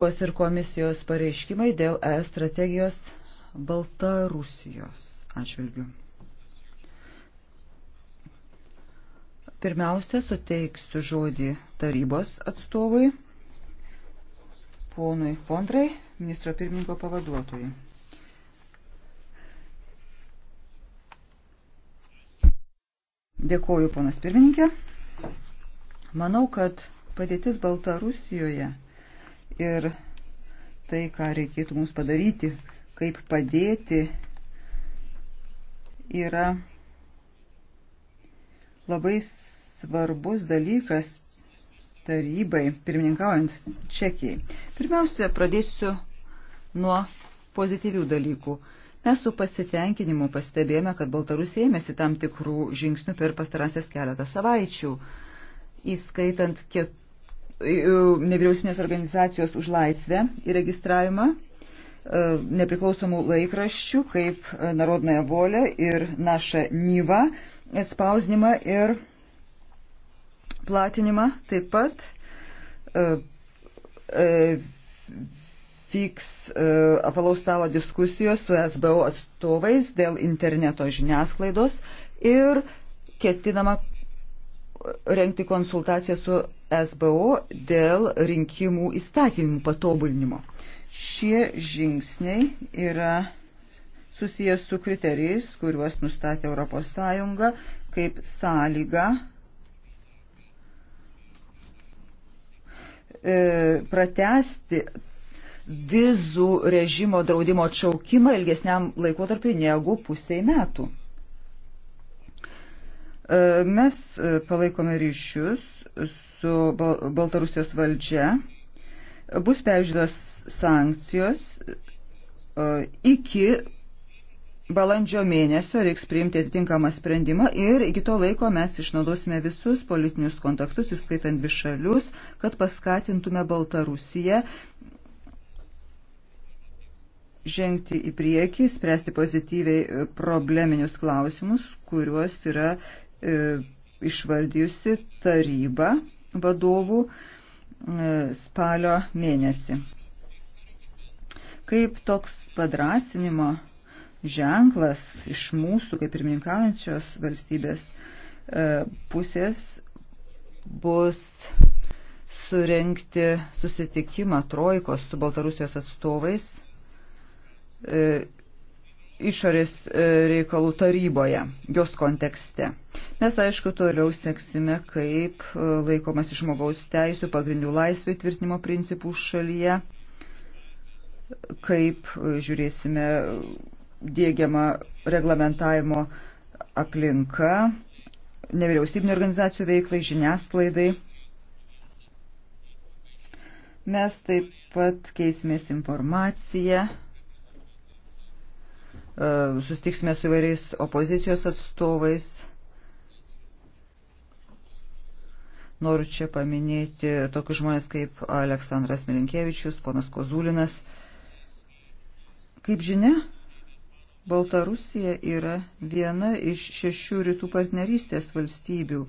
Europos ir komisijos pareiškimai dėl ES strategijos Baltarusijos atžvilgių. Pirmiausia, suteiksiu žodį tarybos atstovui, ponui Fondrai, ministro pirmininko pavaduotojai. Dėkuoju, ponas pirmininkė. Manau, kad padėtis Baltarusijoje ir tai, ką reikėtų mums padaryti, kaip padėti, yra labai svarbus dalykas tarybai, pirmininkaujant Čekijai. Pirmiausia, pradėsiu nuo pozityvių dalykų. Mes su pasitenkinimu pastebėjome, kad Baltarusija ėmėsi tam tikrų žingsnių per pastarąsias keletą savaičių, įskaitant keturių E, nevyriausinės organizacijos už laisvę įregistravimą e, nepriklausomų laikraščių kaip e, Narodnaya Volė ir Naša Nyva spausdinimą ir platinimą. Taip pat vyks apalaus stalo diskusijos su SBO atstovais dėl interneto žiniasklaidos ir ketinama renkti konsultaciją su SBO dėl rinkimų įstatymų patobulinimo. Šie žingsniai yra susijęs su kriterijais, kuriuos nustatė ES kaip sąlyga e, pratesti vizų režimo draudimo atšaukimą ilgesniam laikotarpiu negu pusiai metų. E, mes e, palaikome ryšius su Baltarusijos valdžia. Bus peržiūros sankcijos e, iki balandžio mėnesio reiks priimti atitinkamą sprendimą ir iki to laiko mes išnaudosime visus politinius kontaktus, įskaitant višalius, kad paskatintume Baltarusiją žengti į priekį, spręsti pozityviai probleminius klausimus, kuriuos yra E, išvardyjusi taryba vadovų e, spalio mėnesį. Kaip toks padrasinimo ženklas iš mūsų, kaip pirmininkaujančios valstybės e, pusės, bus surenkti susitikimą trojkos su Baltarusijos atstovais išorės e, reikalų taryboje, jos kontekste. Mes, aišku, toliau seksime, kaip e, laikomas žmogaus teisų, pagrindų laisvių įtvirtinimo principų šalyje, kaip e, žiūrėsime dėgiamą reglamentavimo aplinką, nevyriausybinio organizacijų veiklai, žiniasklaidai. Mes taip pat keisimės informaciją E, sustiksime su įvairiais opozicijos atstovais. Noriu čia paminėti tokius žmonės kaip Aleksandras Milinkievičius, ponas Kozulinas. Kaip žinia, Baltarusija yra viena iš šešių rytų partnerystės valstybių.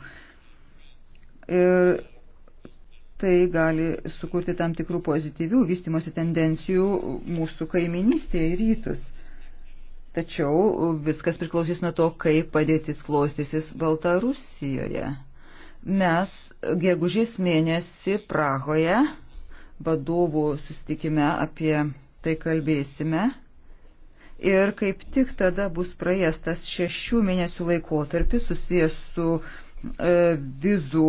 Ir tai gali sukurti tam tikrų pozityvių vystimosi tendencijų mūsų kaiminystėje į rytus. Tačiau viskas priklausys nuo to, kaip padėtis klostysis Baltarusijoje. Mes gegužės mėnesį Prahoje vadovų susitikime apie tai kalbėsime. Ir kaip tik tada bus praėstas šešių mėnesių laikotarpis susijęs su e, vizų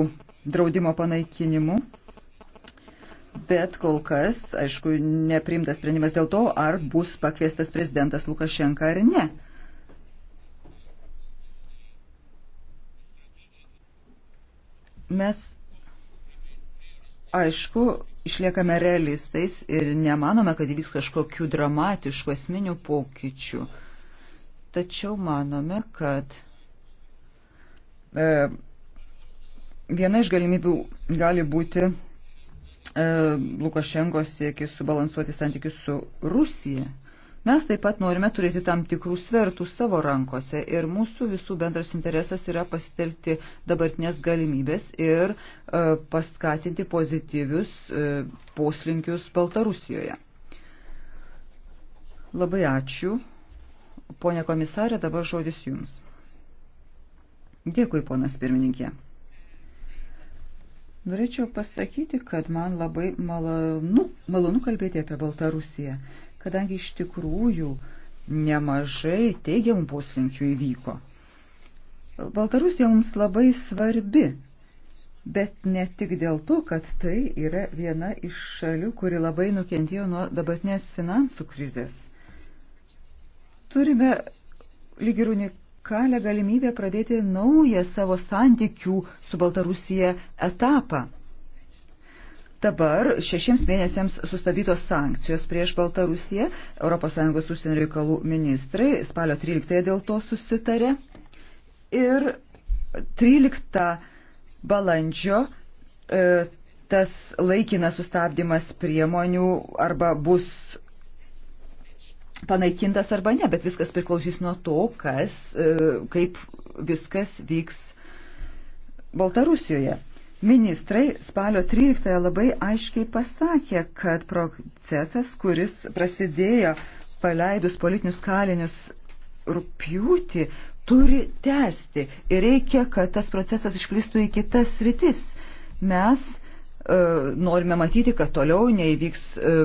draudimo panaikinimu. Bet kol kas, aišku, neprimtas sprendimas dėl to, ar bus pakviestas prezidentas Lukašenka ar ne. Mes, aišku, išliekame realistais ir nemanome, kad įvyks kažkokių dramatiškų asmenių pokyčių. Tačiau manome, kad e, viena iš galimybių gali būti E, Lukašenko siekis subalansuoti santykius su Rusija. Mes taip pat norime turėti tam tikrų svertų savo rankose ir mūsų visų bendras interesas yra pasitelkti dabartinės galimybės ir e, paskatinti pozityvius e, poslinkius Baltarusijoje. Labai ačiū. Pone komisarė, dabar žodis jums. Dėkui, ponas pirmininkė. Norėčiau pasakyti, kad man labai malonu, malonu kalbėti apie Baltarusiją, kadangi iš tikrųjų nemažai teigiamų poslinkių įvyko. Baltarusija mums labai svarbi, bet ne tik dėl to, kad tai yra viena iš šalių, kuri labai nukentėjo nuo dabartinės finansų krizės. Turime lyg ir unikalių unikalią galimybę pradėti naują savo santykių su Baltarusija etapą. Dabar šešiems mėnesiams sustabdytos sankcijos prieš Baltarusiją. ES užsienio reikalų ministrai spalio 13 dėl to susitarė. Ir 13 balandžio e, tas laikinas sustabdymas priemonių arba bus panaikintas arba ne, bet viskas priklausys nuo to, kas, e, kaip viskas vyks Baltarusijoje. Ministrai spalio 13 labai aiškiai pasakė, kad procesas, kuris prasidėjo paleidus politinius kalinius rūpjūti, turi tęsti ir reikia, kad tas procesas išplistų į kitas rytis. Mes e, norime matyti, kad toliau neįvyks e,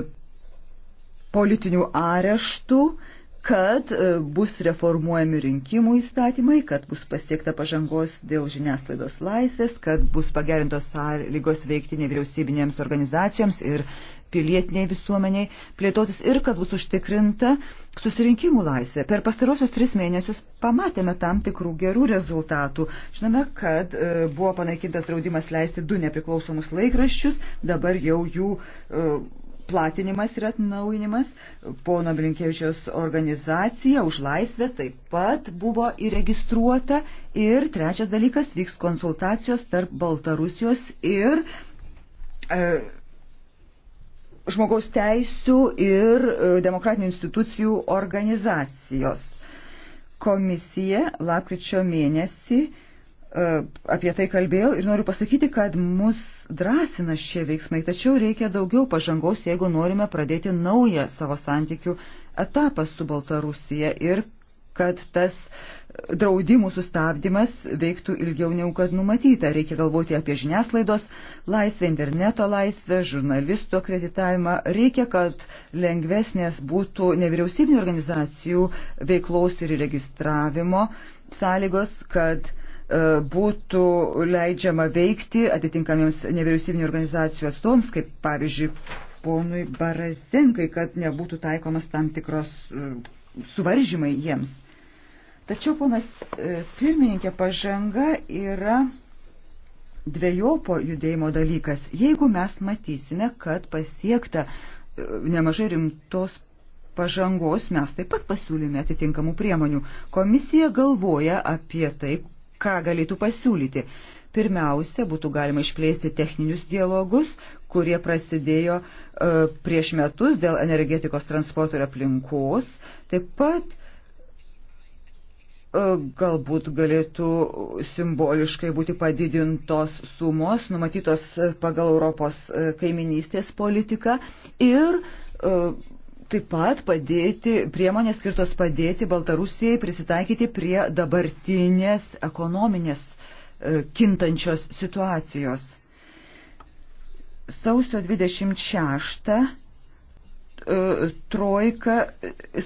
politinių areštų, kad e, bus reformuojami rinkimų įstatymai, kad bus pasiekta pažangos dėl žiniasklaidos laisvės, kad bus pagerintos sąlygos veikti nevyriausybinėms organizacijoms ir pilietiniai visuomeniai plėtotis ir kad bus užtikrinta susirinkimų laisvė. Per pastarosius tris mėnesius pamatėme tam tikrų gerų rezultatų. Žinome, kad e, buvo panaikintas draudimas leisti du nepriklausomus laikraščius, dabar jau jų e, platinimas ir atnaujinimas, pono Blinkievičios organizacija už laisvę taip pat buvo įregistruota ir trečias dalykas vyks konsultacijos tarp Baltarusijos ir e, žmogaus teisų ir e, demokratinių institucijų organizacijos. Komisija lapkričio mėnesį e, E, apie tai kalbėjau ir noriu pasakyti, kad mus drąsina šie veiksmai, tačiau reikia daugiau pažangos, jeigu norime pradėti naują savo santykių etapą su Baltarusija ir kad tas draudimų sustabdymas veiktų ilgiau negu kad numatyta. Reikia galvoti apie žiniasklaidos laisvę, interneto laisvę, žurnalistų akreditavimą. Reikia, kad lengvesnės būtų nevyriausybinio organizacijų veiklos ir registravimo sąlygos, kad uh, E, būtų leidžiama veikti atitinkamiems nevyriausybinio organizacijų atstovams, kaip pavyzdžiui ponui Barazenkai, kad nebūtų taikomas tam tikros e, suvaržymai jiems. Tačiau, ponas e, pirmininkė, pažanga yra dviejopo judėjimo dalykas. Jeigu mes matysime, kad pasiekta nemažai rimtos pažangos, mes taip pat pasiūlėme atitinkamų priemonių. Komisija galvoja apie tai, ką galėtų pasiūlyti. Pirmiausia, būtų galima išplėsti techninius dialogus, kurie prasidėjo e, prieš metus dėl energetikos transporto ir aplinkos. Taip pat e, galbūt galėtų simboliškai būti padidintos sumos numatytos pagal Europos e, kaiminystės politiką ir e, taip pat padėti, priemonės skirtos padėti Baltarusijai prisitaikyti prie dabartinės ekonominės e, kintančios situacijos. Sausio 26 e, Trojka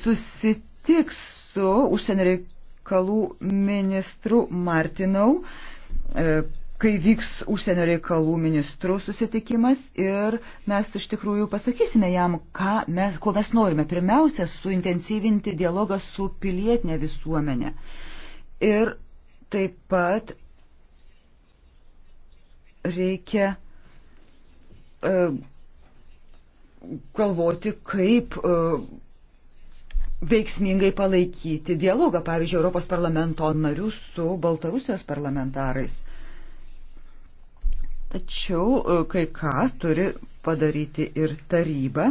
susitiks su užsienio reikalų ministru Martinau e, kai vyks užsienio reikalų ministrų susitikimas ir mes iš tikrųjų pasakysime jam, mes, ko mes norime. Pirmiausia, suintensyvinti dialogą su pilietinė visuomenė. Ir taip pat reikia e, galvoti, e, kaip e, veiksmingai palaikyti dialogą, pavyzdžiui, Europos parlamento narių su Baltarusijos parlamentarais. Tačiau e, kai ką turi padaryti ir taryba.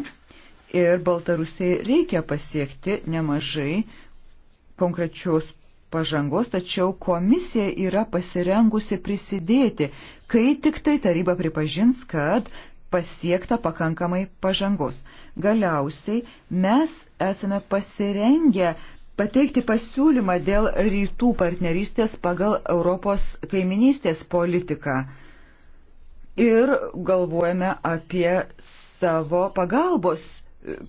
Ir Baltarusijai reikia pasiekti nemažai konkrečios pažangos, tačiau komisija yra pasirengusi prisidėti, kai tik tai taryba pripažins, kad pasiekta pakankamai pažangos. Galiausiai mes esame pasirengę pateikti pasiūlymą dėl rytų partnerystės pagal Europos kaiminystės politiką ir galvojame apie savo pagalbos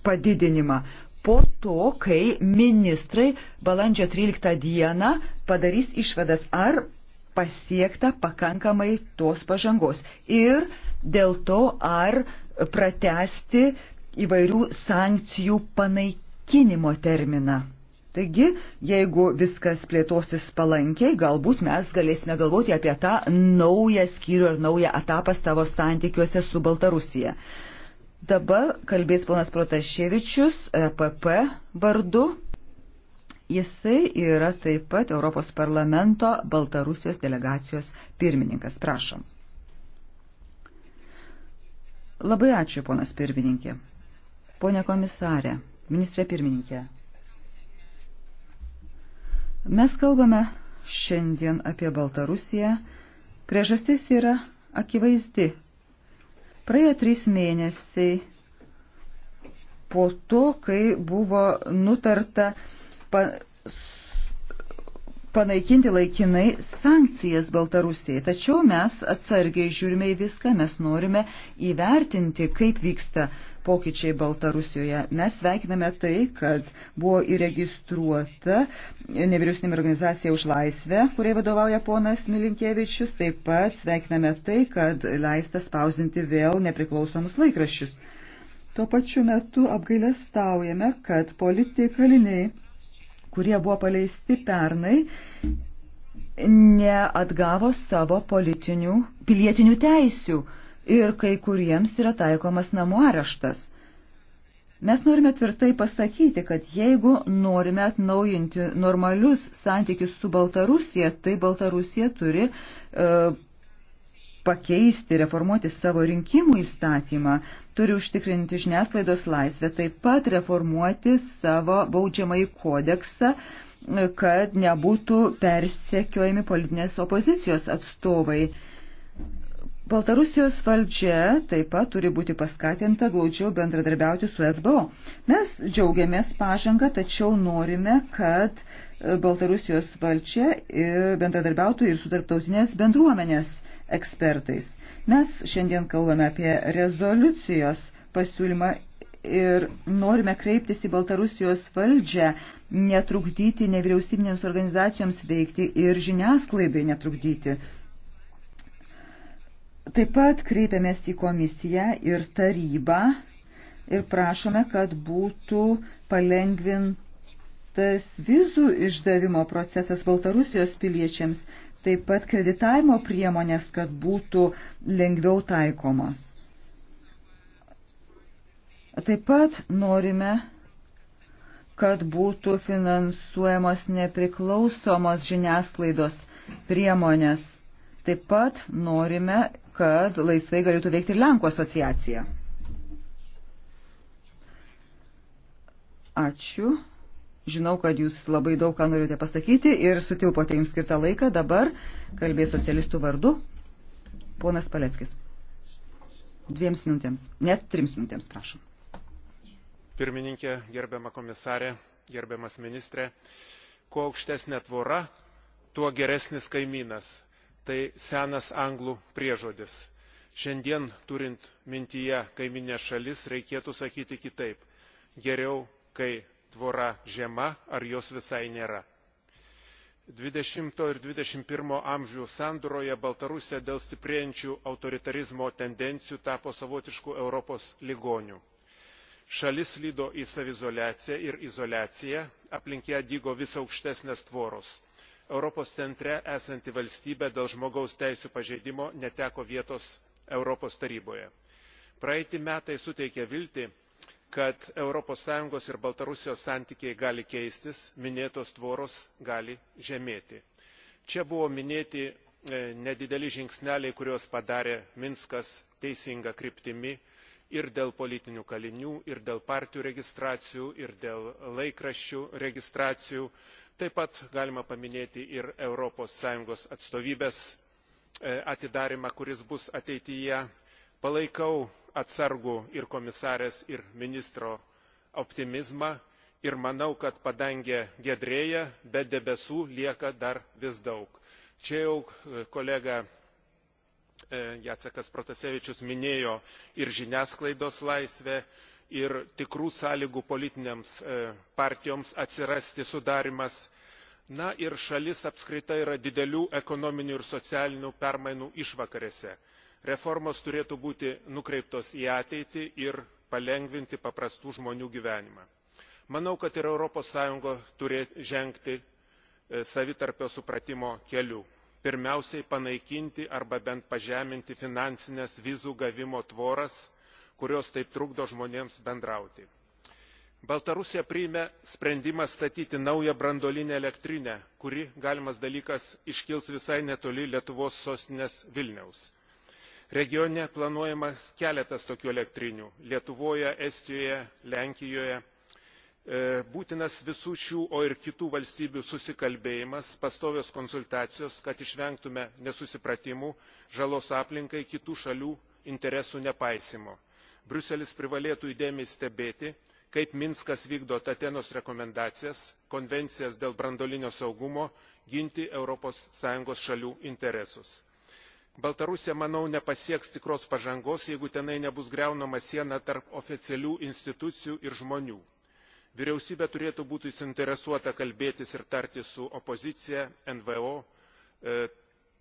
padidinimą. Po to, kai ministrai balandžio 13 dieną padarys išvadas, ar pasiekta pakankamai tos pažangos ir dėl to, ar pratesti įvairių sankcijų panaikinimo terminą. Taigi, jeigu viskas plėtosis palankiai, galbūt mes galėsime galvoti apie tą naują skyrių ar naują etapą savo santykiuose su Baltarusija. Dabar kalbės ponas Protaševičius, PP e vardu. Jisai yra taip pat Europos parlamento Baltarusijos delegacijos pirmininkas. Prašom. Labai ačiū, ponas pirmininkė. Pone komisarė, ministrė pirmininkė. Mes kalbame šiandien apie Baltarusiją. Priežastis yra akivaizdi. Praėjo trys mėnesiai po to, kai buvo nutarta pa, panaikinti laikinai sankcijas Baltarusijai. Tačiau mes atsargiai žiūrime į viską, mes norime įvertinti, kaip vyksta pokyčiai Baltarusijoje. Mes sveikiname tai, kad buvo įregistruota nevyriausybinė organizacija už laisvę, kuriai vadovauja ponas Milinkievičius. Taip pat sveikiname tai, kad leista spausinti vėl nepriklausomus laikraščius. Tuo pačiu metu apgailestaujame, kad politikai kaliniai, kurie buvo paleisti pernai, neatgavo savo politinių, pilietinių teisių ir kai kuriems yra taikomas namų areštas. Mes norime tvirtai pasakyti, kad jeigu norime atnaujinti normalius santykius su Baltarusija, tai Baltarusija turi e, pakeisti, reformuoti savo rinkimų įstatymą, turi užtikrinti žiniasklaidos laisvę, taip pat reformuoti savo baudžiamąjį kodeksą, e, kad nebūtų persekiojami politinės opozicijos atstovai. E, Baltarusijos valdžia taip pat turi būti paskatinta glaudžiau bendradarbiauti su SBO. Mes džiaugiamės pažangą, tačiau norime, kad e, Baltarusijos valdžia e, bendradarbiautų ir su tarptautinės bendruomenės ekspertais. Mes šiandien kalbame apie rezoliucijos pasiūlymą ir norime kreiptis į Baltarusijos valdžią, netrukdyti nevyriausybinėms organizacijoms veikti ir žiniasklaidai netrukdyti. Taip pat kreipiamės į komisiją ir tarybą ir prašome, kad būtų palengvintas vizų išdavimo procesas Baltarusijos piliečiams, taip pat kreditavimo priemonės, kad būtų lengviau taikomos. Taip pat norime, kad būtų finansuojamos nepriklausomos žiniasklaidos priemonės. Taip pat norime kad laisvai galėtų veikti ir Lenkų asociacija. Ačiū. Žinau, kad jūs labai daug ką norite pasakyti ir sutilpote jums skirtą laiką. Dabar kalbės socialistų vardu ponas Paleckis. Dviems minutėms, net trims minutėms, prašom. Pirmininkė, gerbiama komisarė, gerbiamas ministrė, kuo aukštesnė tvora, tuo geresnis kaimynas tai senas anglų priežodis. Šiandien, turint mintyje kaiminė šalis, reikėtų sakyti kitaip. Geriau, kai tvora žema ar jos visai nėra. 20 ir 21 amžių sandoroje Baltarusija dėl stiprėjančių autoritarizmo tendencijų tapo savotiškų Europos ligonių. Šalis lydo į savizolaciją ir izolaciją, aplink ją dygo vis aukštesnės tvoros europos centre esanti valstybė dėl žmogaus teisių pažeidimo neteko vietos europos taryboje. praeiti metai suteikė viltį kad europos sąjungos ir baltarusijos santykiai gali keistis minėtos tvoros gali žemėti. čia buvo minėti e, nedideli žingsneliai kuriuos padarė minskas teisinga kryptimi ir dėl politinių kalinių ir dėl partijų registracijų ir dėl laikraščių registracijų taip pat galima paminėti ir europos sąjungos atstovybės e, atidarymą kuris bus ateityje. palaikau atsargų ir komisarės ir ministro optimizmą ir manau kad padangė giedrėja bet debesų lieka dar vis daug. čia jau e, kolega e, jacekas protasevičius minėjo ir žiniasklaidos laisvę ir tikrų sąlygų politinėms e, partijoms atsirasti sudarimas. Na ir šalis apskritai yra didelių ekonominių ir socialinių permainų išvakarėse. Reformos turėtų būti nukreiptos į ateitį ir palengvinti paprastų žmonių gyvenimą. Manau, kad ir ES turi žengti e, savitarpio supratimo keliu. Pirmiausiai panaikinti arba bent pažeminti finansinės vizų gavimo tvoras kurios taip trukdo žmonėms bendrauti. baltarusija priėmė sprendimą statyti naują branduolinę elektrinę kuri galimas dalykas iškils visai netoli lietuvos sostinės vilniaus. regione planuojama keletas tokių elektrinių lietuvoje estijoje lenkijoje. E, būtinas visų šių o ir kitų valstybių susikalbėjimas pastovios konsultacijos kad išvengtume nesusipratimų žalos aplinkai kitų šalių interesų nepaisymo briuselis privalėtų įdėmiai stebėti kaip minskas vykdo tatenos rekomendacijas konvencijas dėl branduolinio saugumo ginti europos sąjungos šalių interesus. baltarusija manau nepasieks tikros pažangos jeigu tenai nebus griaunama siena tarp oficialių institucijų ir žmonių. vyriausybė turėtų būti suinteresuota kalbėtis ir tartis su opozicija nvo e,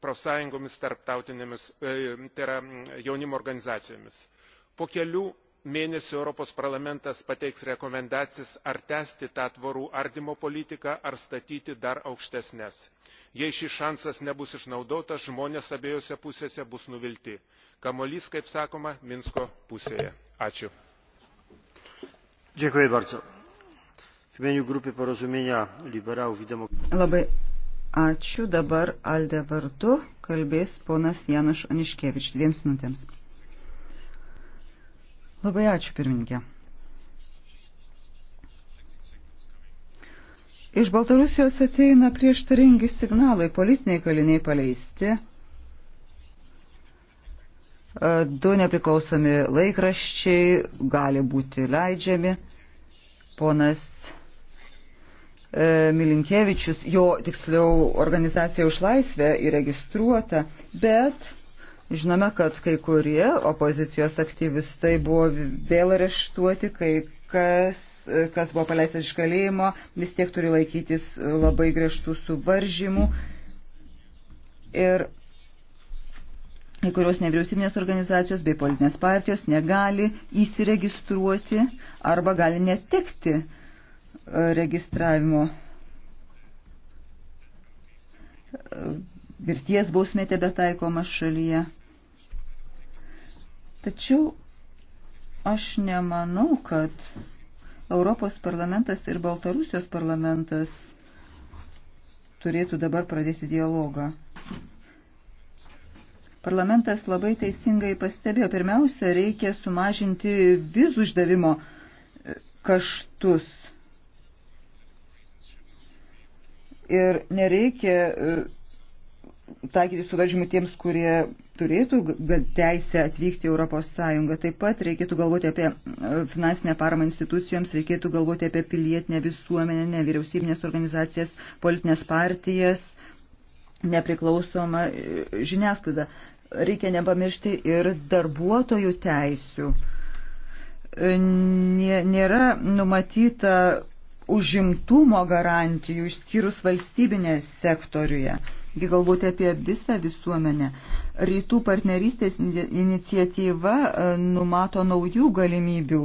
profsąjungomis tarptautinėmis e, tai yra jaunimo organizacijomis po kelių mėnesių europos parlamentas pateiks rekomendacijas ar tęsti tą tvorų ardymo politiką ar statyti dar aukštesnes. jei šis šansas nebus išnaudotas žmonės abiejose pusėse bus nuvilti. kamuolys kaip sakoma minsko pusėje. ačiū. Labai ačiū. Dabar Alde vardu kalbės ponas Januš Aniškevič dviems minutėms. Labai ačiū, pirmininkė. Iš Baltarusijos ateina prieštaringi signalai, politiniai kaliniai paleisti, e, du nepriklausomi laikraščiai gali būti leidžiami, ponas e, Milinkievičius, jo tiksliau organizacija už laisvę įregistruota, bet Žinome, kad kai kurie opozicijos aktyvistai buvo vėl areštuoti, kai kas, kas buvo paleistas iš kalėjimo, vis tiek turi laikytis labai griežtų suvaržymų. Ir kai kurios nevyriausybinės organizacijos bei politinės partijos negali įsiregistruoti arba gali netekti e, registravimo. Virties e, bausmė tebe taikoma šalyje. Tačiau aš nemanau, kad Europos parlamentas ir Baltarusijos parlamentas turėtų dabar pradėti dialogą. Parlamentas labai teisingai pastebėjo, pirmiausia, reikia sumažinti vizų išdavimo e, kaštus. Ir nereikia e, taikyti suvaržymų tiems, kurie turėtų teisę atvykti į ES. Taip pat reikėtų galvoti apie e, finansinę paramą institucijoms, reikėtų galvoti apie pilietinę visuomenę, nevyriausybinės organizacijas, politinės partijas, nepriklausomą e, žiniasklaidą. Reikia nepamiršti ir darbuotojų teisių. E, nėra numatyta užimtumo garantijų išskyrus valstybinės sektoriuje galvoti apie visą visuomenę. Rytų partnerystės iniciatyva e, numato naujų galimybių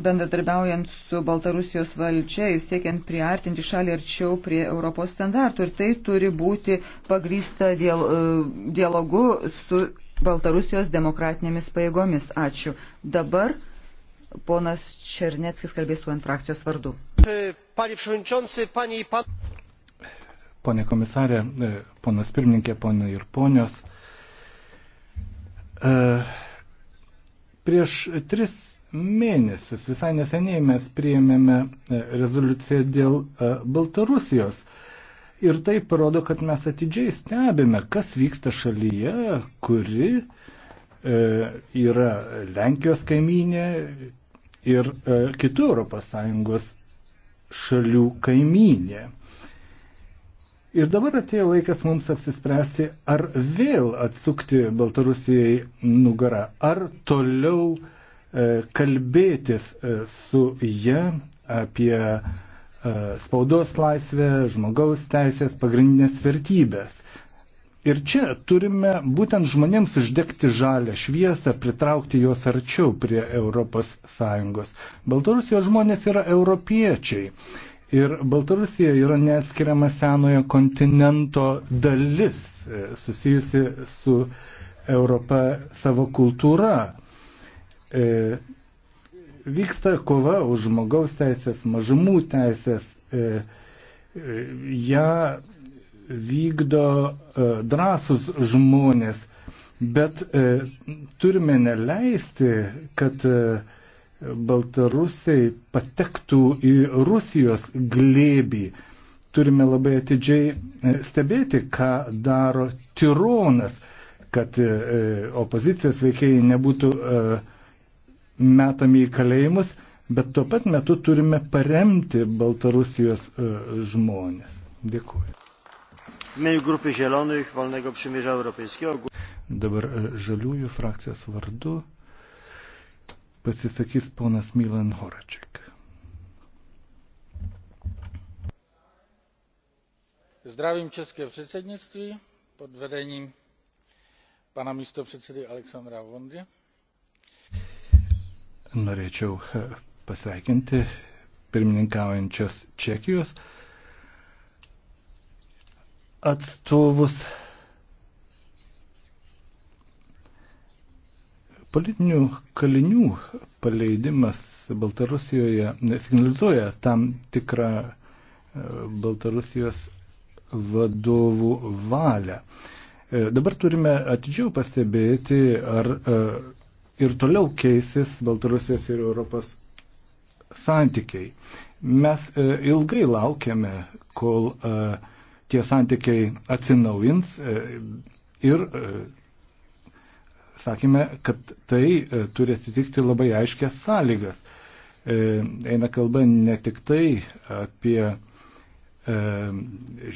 bendradarbiaujant su Baltarusijos valdžia ir siekiant priartinti šalį arčiau prie Europos standartų. Ir tai turi būti pagrysta e, dialogu su Baltarusijos demokratinėmis pajėgomis. Ačiū. Dabar ponas Černeckis kalbės su ant frakcijos vardu. Panie przewodniczący, panie i pan... Pone komisarė, e, ponas pirmininkė, ponai ir ponios. E, prieš tris mėnesius visai neseniai mes priėmėme e, rezoliuciją dėl Baltarusijos. Ir tai parodo, kad mes atidžiai stebime, kas vyksta šalyje, kuri yra Lenkijos kaiminė ir kitų ES šalių kaiminė. Ir dabar atėjo laikas mums apsispręsti, ar vėl atsukti Baltarusijai nugarą, ar toliau e, kalbėtis e, su jie apie e, spaudos laisvę, žmogaus teisės, pagrindinės vertybės. Ir čia turime būtent žmonėms uždegti žalę šviesą, pritraukti juos arčiau prie ES. Baltarusijos žmonės yra europiečiai Ir Baltarusija yra neatskiriama senojo kontinento dalis, e, susijusi su Europa savo kultūra. E, vyksta kova už žmogaus teisės, mažumų teisės. E, e, ja vykdo e, drąsus žmonės, bet e, turime neleisti, kad e, Baltarusiai patektų į Rusijos glėbį. Turime labai atidžiai e, stebėti, ką daro Tironas, kad e, opozicijos veikėjai nebūtų e, metami į kalėjimus, bet tuo pat metu turime paremti Baltarusijos žmonės. Dėkuoju. Dabar žaliųjų frakcijos vardu pasisakys ponas Milan Horaček. Zdravím české předsednictví pod vedením pana místopředsedy Alexandra Vondy. Norėčiau e, pasveikinti pirmininkaujančios Čekijos atstovus Politinių kalinių paleidimas Baltarusijoje signalizuoja tam tikrą e, Baltarusijos vadovų valią. E, dabar turime atidžiau pastebėti, ar e, ir toliau keisis Baltarusijos ir Europos santykiai. Mes ilgai laukiame, kol tie santykiai atsinaujins ir sakėme, kad tai e, turi atitikti labai aiškias sąlygas. E, eina kalba ne tik tai apie e,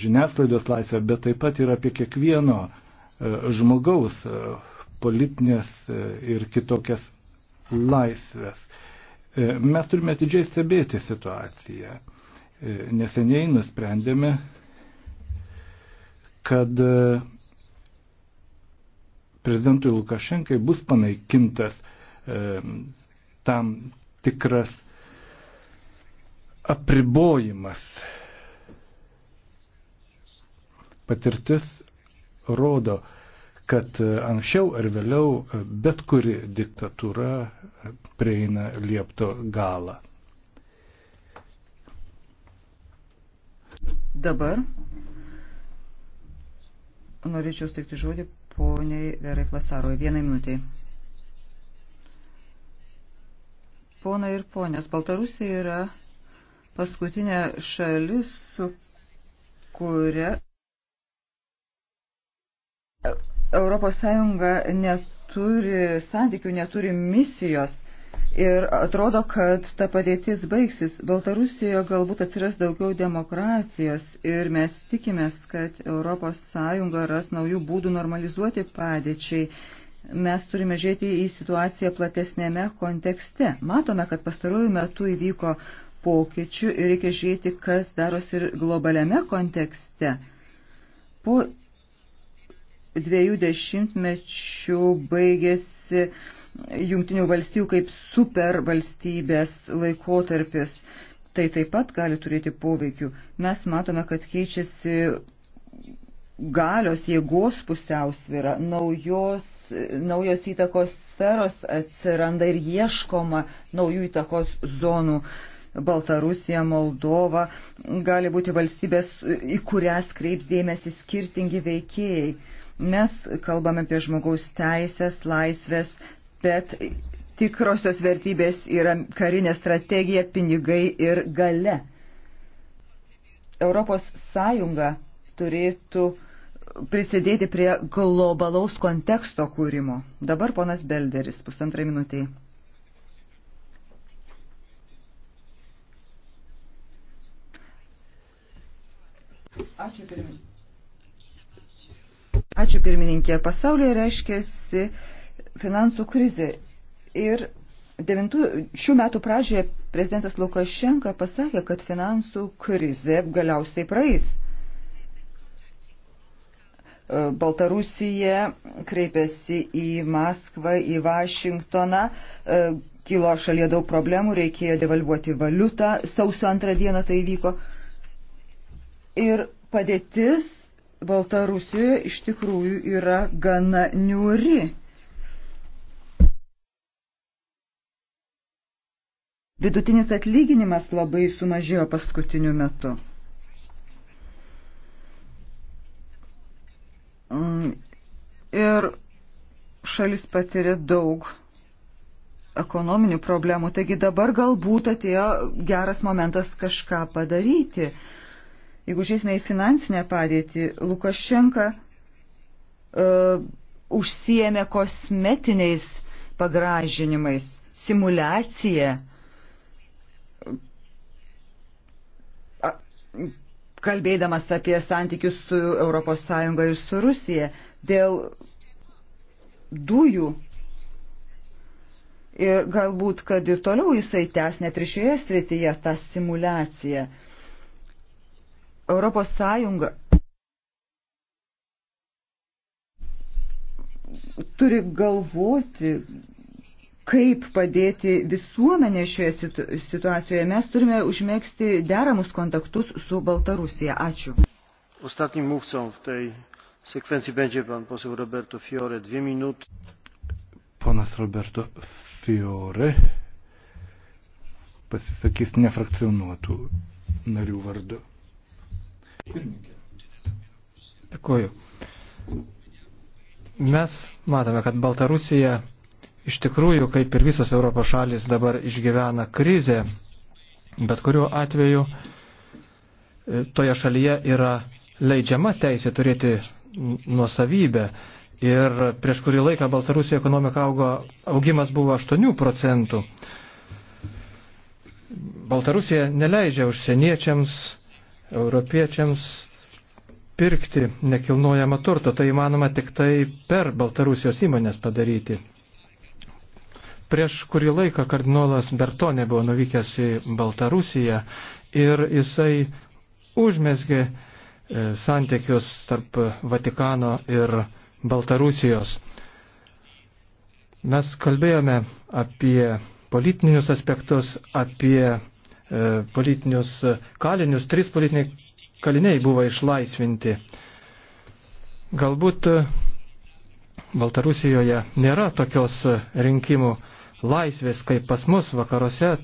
žiniasklaidos laisvę, bet taip pat ir apie kiekvieno žmogaus politinės ir kitokias laisvės. Mes turime atidžiai stebėti situaciją. Neseniai nusprendėme, kad prezidentui Lukašenkai bus panaikintas e, tam tikras apribojimas. Patirtis rodo, kad e, anksčiau ar vėliau e, bet kuri diktatūra e, prieina liepto galą. Dabar norėčiau steikti žodį poniai Verai Flasaroj. Vienai minutiai. Pona ir ponios, Baltarusija yra paskutinė šalis, su kuria Europos Sąjunga neturi santykių, neturi misijos Ir atrodo, kad ta padėtis baigsis. Baltarusijoje galbūt atsiras daugiau demokratijos ir mes tikimės, kad ES ras naujų būdų normalizuoti padėčiai. Mes turime žiūrėti į situaciją platesnėme kontekste. Matome, kad pastarojų metų įvyko pokyčių ir reikia žiūrėti, kas darosi ir globaliame kontekste. Po dviejų dešimtmečių baigėsi jungtinių valstybių kaip supervalstybės laikotarpis. Tai taip pat gali turėti poveikių. Mes matome, kad keičiasi galios jėgos pusiausvyra, naujos, naujos įtakos sferos atsiranda ir ieškoma naujų įtakos zonų. Baltarusija, Moldova gali būti valstybės, į kurias kreips dėmesį skirtingi veikėjai. Mes kalbame apie žmogaus teisės, laisvės, bet tikrosios vertybės yra karinė strategija, pinigai ir gale. Europos Sąjunga turėtų prisidėti prie globalaus konteksto kūrimo. Dabar ponas Belderis, pusantrai minutiai. Ačiū pirmininkė. Ačiū pirmininkė. Pasaulyje reiškėsi finansų krizė. Ir devintų, šių metų pradžioje prezidentas Lukašenka pasakė, kad finansų krizė galiausiai praeis. E, Baltarusija kreipėsi į Maskvą, į Vašingtoną, e, kilo šalyje daug problemų, reikėjo devalvuoti valiutą, sausio antrą dieną tai vyko. Ir padėtis Baltarusijoje iš tikrųjų yra gana niuri. Vidutinis atlyginimas labai sumažėjo paskutiniu metu. Mm, ir šalis patiria daug ekonominių problemų, taigi dabar galbūt atėjo geras momentas kažką padaryti. Jeigu žiūrėsime į finansinę padėtį, Lukašenka uh, užsiemė kosmetiniais pagražinimais, simulacija uh, kalbėdamas apie santykius su ES ir su Rusija dėl dujų. Ir galbūt, kad ir toliau jisai tęs net ir šioje srityje tą simulaciją. Europos Sąjunga turi galvoti, kaip padėti visuomenė šioje situacijoje, mes turime užmėgsti deramus kontaktus su Baltarusija. Ačiū. Ostatnim mówcą w tej sekwencji będzie pan poseł Roberto Fiore. Dwie minuty. Ponas Roberto Fiore pasisakys nefrakcionuotų narių vardu. Dėkuoju. Mes matome, kad Baltarusija iš tikrųjų, kaip ir visos Europos šalis dabar išgyvena krizę, bet kuriuo atveju e, toje šalyje yra leidžiama teisė turėti nuosavybę. Ir prieš kurį laiką Baltarusijos ekonomika augo, augimas buvo 8 procentų. Baltarusija neleidžia užsieniečiams, europiečiams pirkti nekilnojamą turtą. Tai įmanoma tik tai per Baltarusijos įmonės padaryti. Prieš kurį laiką kardinolas Bertonė buvo nuvykęs į Baltarusiją ir jisai užmesgė e, santykius tarp Vatikano ir Baltarusijos. Mes kalbėjome apie politinius aspektus, apie e, politinius kalinius. Trys politiniai kaliniai buvo išlaisvinti. Galbūt Baltarusijoje nėra tokios rinkimų laisvės kaip pas mus vakaruose,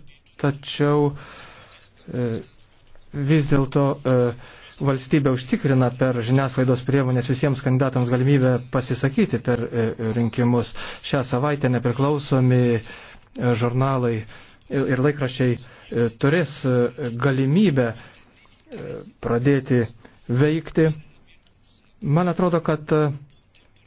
tačiau e, vis dėlto e, valstybė užtikrina per žiniasklaidos priemonės visiems kandidatams galimybę pasisakyti per e, rinkimus. Šią savaitę nepriklausomi e, žurnalai ir laikraščiai e, turės e, galimybę e, pradėti veikti. Man atrodo, kad e,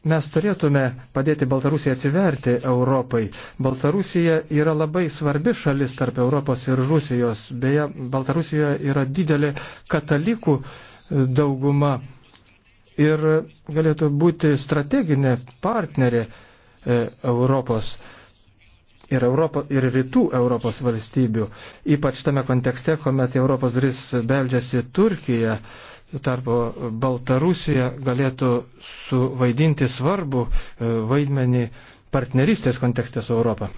Mes turėtume padėti Baltarusijai atsiverti Europai. Baltarusija yra labai svarbi šalis tarp Europos ir Rusijos. Beje, Baltarusijoje yra didelė katalikų e, dauguma ir galėtų būti strateginė partnerė e, Europos ir, Europo, ir rytų Europos valstybių. Ypač tame kontekste, kuomet Europos duris beldžiasi Turkija. E, tarpo Baltarusija galėtų suvaidinti svarbu e, vaidmenį partneristės kontekste su Europą.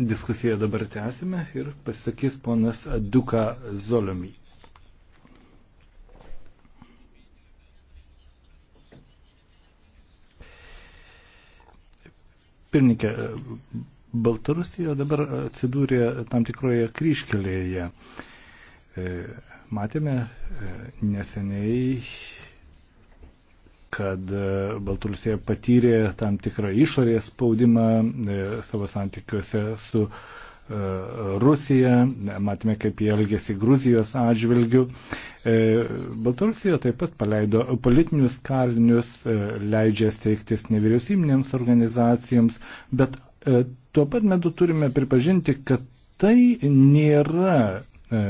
Diskusiją dabar tęsime ir pasakys ponas Duka Zolomy. Pirmininkė, Baltarusija dabar atsidūrė tam tikroje kryškelėje. E, matėme e, neseniai, kad e, Baltarusija patyrė tam tikrą išorės spaudimą savo santykiuose su Rusija, matėme, kaip jie elgėsi Gruzijos atžvilgių. Baltarusija taip pat paleido politinius kalinius, leidžia steigtis nevyriausybinėms organizacijoms, bet Tuo pat metu turime pripažinti, kad tai nėra e,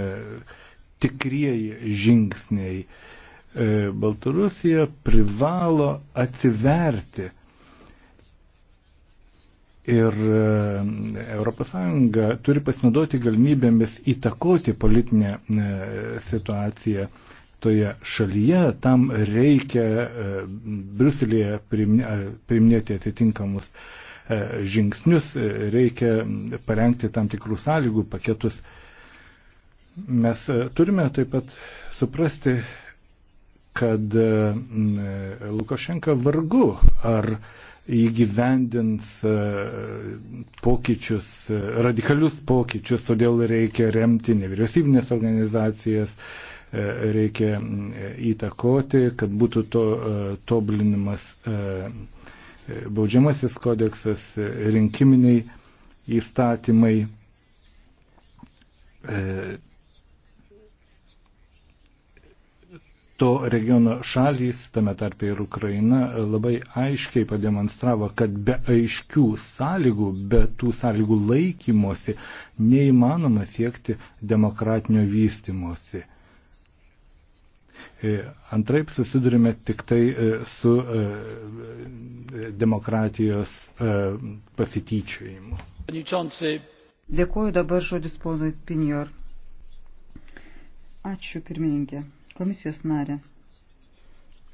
tikrieji žingsniai. E, Baltarusija privalo atsiverti. Ir ES turi pasinaudoti galimybėmis įtakoti politinę e, situaciją toje šalyje. Tam reikia e, Bruselėje priminėti atitinkamus E, žingsnius, e, reikia parengti tam tikrų sąlygų paketus. Mes e, turime taip pat suprasti, kad Lukašenka vargu ar įgyvendins pokyčius, radikalius pokyčius, todėl reikia remti nevyriausybinės organizacijas, reikia įtakoti, kad būtų to, tobulinimas baudžiamasis kodeksas, rinkiminiai įstatymai. E, to regiono šalys, tame tarpe ir Ukraina, labai aiškiai pademonstravo, kad be aiškių sąlygų, be tų sąlygų laikymosi, neįmanoma siekti demokratinio vystimosi. E, antraip susidurime tik tai e, su e, demokratijos pasityčiojimu. Dėkuoju dabar žodis ponui Pinjor. Ačiū pirmininkė, komisijos narė,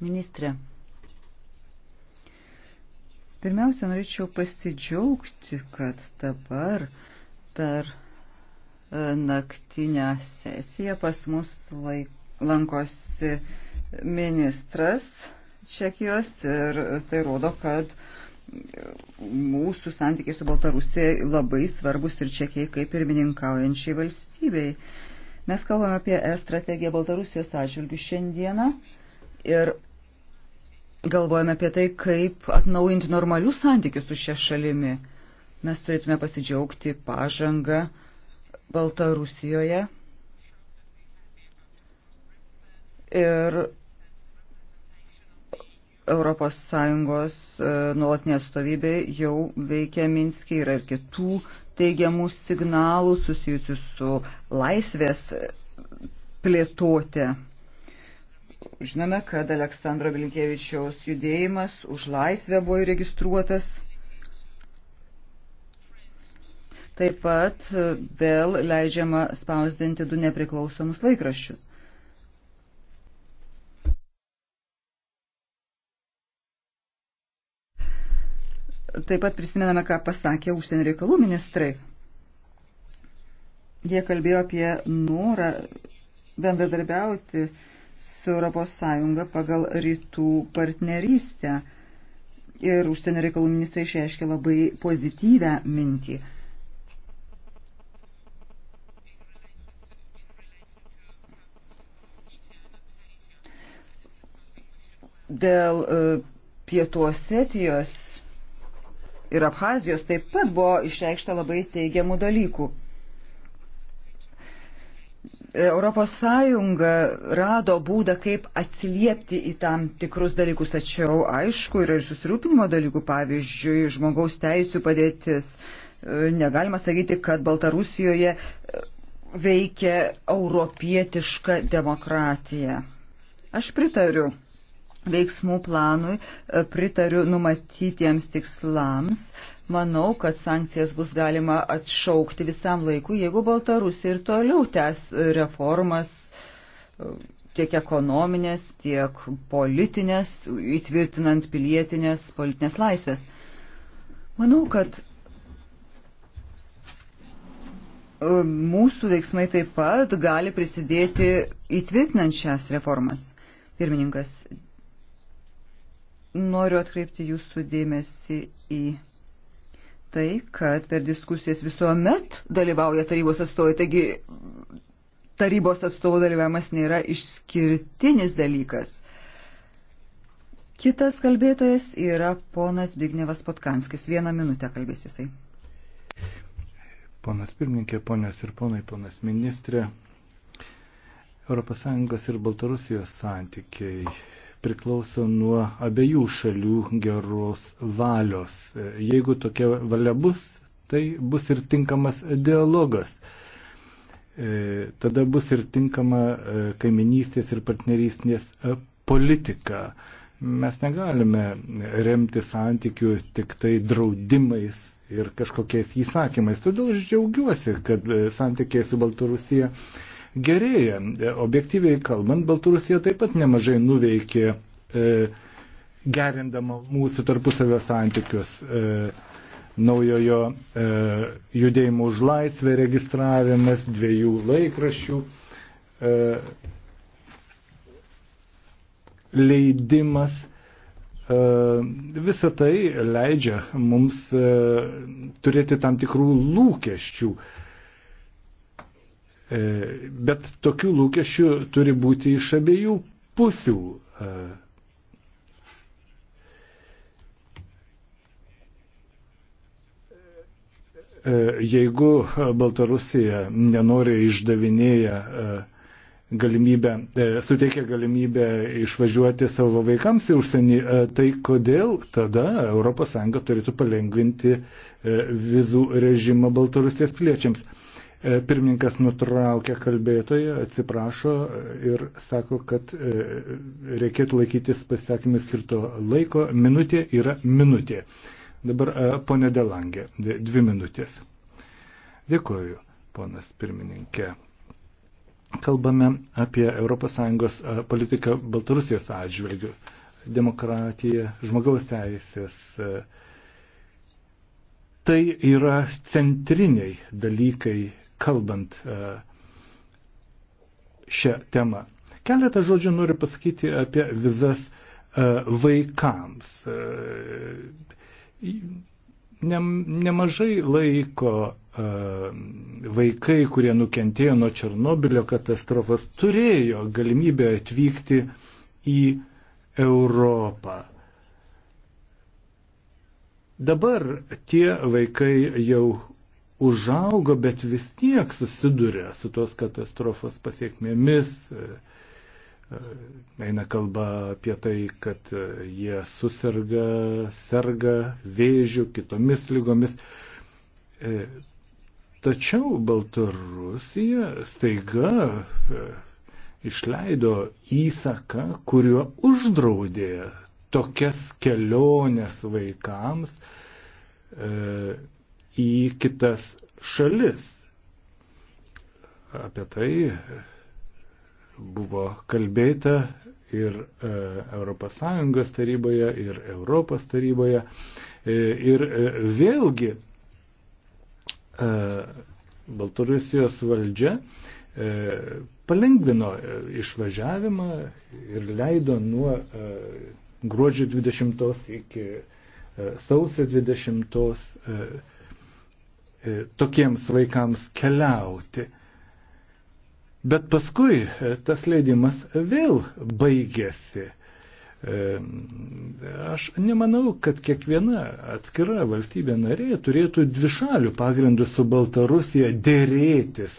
ministrė. Pirmiausia, norėčiau pasidžiaugti, kad dabar per naktinę sesiją pas mus laik lankosi ministras Čekijos ir tai rodo, kad mūsų santykiai su Baltarusija labai svarbus ir Čekijai kaip pirmininkaujančiai valstybei. Mes kalbame apie e strategiją Baltarusijos atžvilgių šiandieną ir galvojame apie tai, kaip atnaujinti normalius santykius su šia šalimi. Mes turėtume pasidžiaugti pažangą Baltarusijoje ir ES e, nuolatinė atstovybė jau veikia Minskį, yra ir kitų teigiamų signalų susijusių su laisvės plėtotė. Žinome, kad Aleksandro Bilinkievičiaus judėjimas už laisvę buvo įregistruotas. Taip pat vėl leidžiama spausdinti du nepriklausomus laikraščius. taip pat prisimename, ką pasakė užsienio reikalų ministrai. Jie kalbėjo apie norą bendradarbiauti su ES pagal rytų partnerystę. Ir užsienio reikalų ministrai išreiškė labai pozityvę mintį. Dėl e, pietų Osetijos ir Abhazijos taip pat buvo išreikšta labai teigiamų dalykų. Europos Sąjunga rado būdą, kaip atsiliepti į tam tikrus dalykus, tačiau aišku yra ir susirūpinimo dalykų, pavyzdžiui, žmogaus teisų padėtis. Negalima sakyti, kad Baltarusijoje veikia europietiška demokratija. Aš pritariu veiksmų planui, e, pritariu numatytiems tikslams. Manau, kad sankcijas bus galima atšaukti visam laiku, jeigu Baltarusija ir toliau tęs e, reformas e, tiek ekonominės, tiek politinės, įtvirtinant pilietinės politinės laisvės. Manau, kad mūsų veiksmai taip pat gali prisidėti įtvirtinant šias reformas. Pirmininkas, Noriu atkreipti jūsų dėmesį į tai, kad per diskusijas visuomet dalyvauja tarybos atstovai, taigi tarybos atstovų dalyvavimas nėra išskirtinis dalykas. Kitas kalbėtojas yra ponas Bignevas Potkanskis. Vieną minutę kalbės jisai. Ponas pirmininkė, ponios ir ponai, ponas ministrė, ES ir Baltarusijos santykiai priklauso nuo abiejų šalių geros valios. Jeigu tokia valia bus, tai bus ir tinkamas dialogas. E, tada bus ir tinkama e, kaiminystės ir partnerystės e, politika. Mes negalime remti santykių tik tai draudimais ir kažkokiais įsakymais. Todėl aš džiaugiuosi, kad santykiai su Baltarusija uh, gerėja. E, objektyviai kalbant, Baltarusija taip pat nemažai nuveikė e, gerindama mūsų tarpusavio santykius. E, naujojo e, judėjimo už laisvę registravimas, dviejų laikraščių e, leidimas. E, visa tai leidžia mums e, turėti tam tikrų lūkesčių. E, E, bet tokių lūkesčių turi būti iš abiejų pusių. E. E, jeigu Baltarusija nenori išdavinėja galimybę, suteikia galimybę išvažiuoti savo vaikams į užsienį, tai kodėl tada ES turėtų palengvinti vizų režimą Baltarusijos piliečiams? E, pirmininkas nutraukia kalbėtoją, atsiprašo ir sako, kad e, reikėtų laikytis pasisakymės skirto laiko. Minutė yra minutė. Dabar e, ponė Delangė, dvi minutės. Dėkuoju, ponas pirmininkė. Kalbame apie ES politiką Baltarusijos atžvilgių, demokratiją, žmogaus teisės, tai yra centriniai dalykai kalbant e, šią temą. Keletą žodžių noriu pasakyti apie vizas e, vaikams. E, nemažai laiko vaikai, kurie nukentėjo nuo Černobilio katastrofos, turėjo galimybę atvykti į Europą. Dabar tie vaikai jau užaugo, bet vis tiek susiduria su tos katastrofos pasiekmėmis. E, e, eina kalba apie tai, kad e, jie susirga, serga vėžių, kitomis lygomis. Tačiau Baltarusija staiga išleido įsaką, kuriuo uždraudė tokias keliones vaikams į kitas šalis. Apie tai buvo kalbėta ir ES taryboje, ir Europos taryboje. E, ir e, vėlgi e, Baltarusijos valdžia palengvino išvažiavimą ir leido nuo gruodžio 20 iki sausio 20 E, tokiems vaikams keliauti. Bet paskui e, tas leidimas vėl baigėsi. E, aš nemanau, kad kiekviena atskira valstybė narė turėtų dvišalių pagrindų su Baltarusija dėrėtis.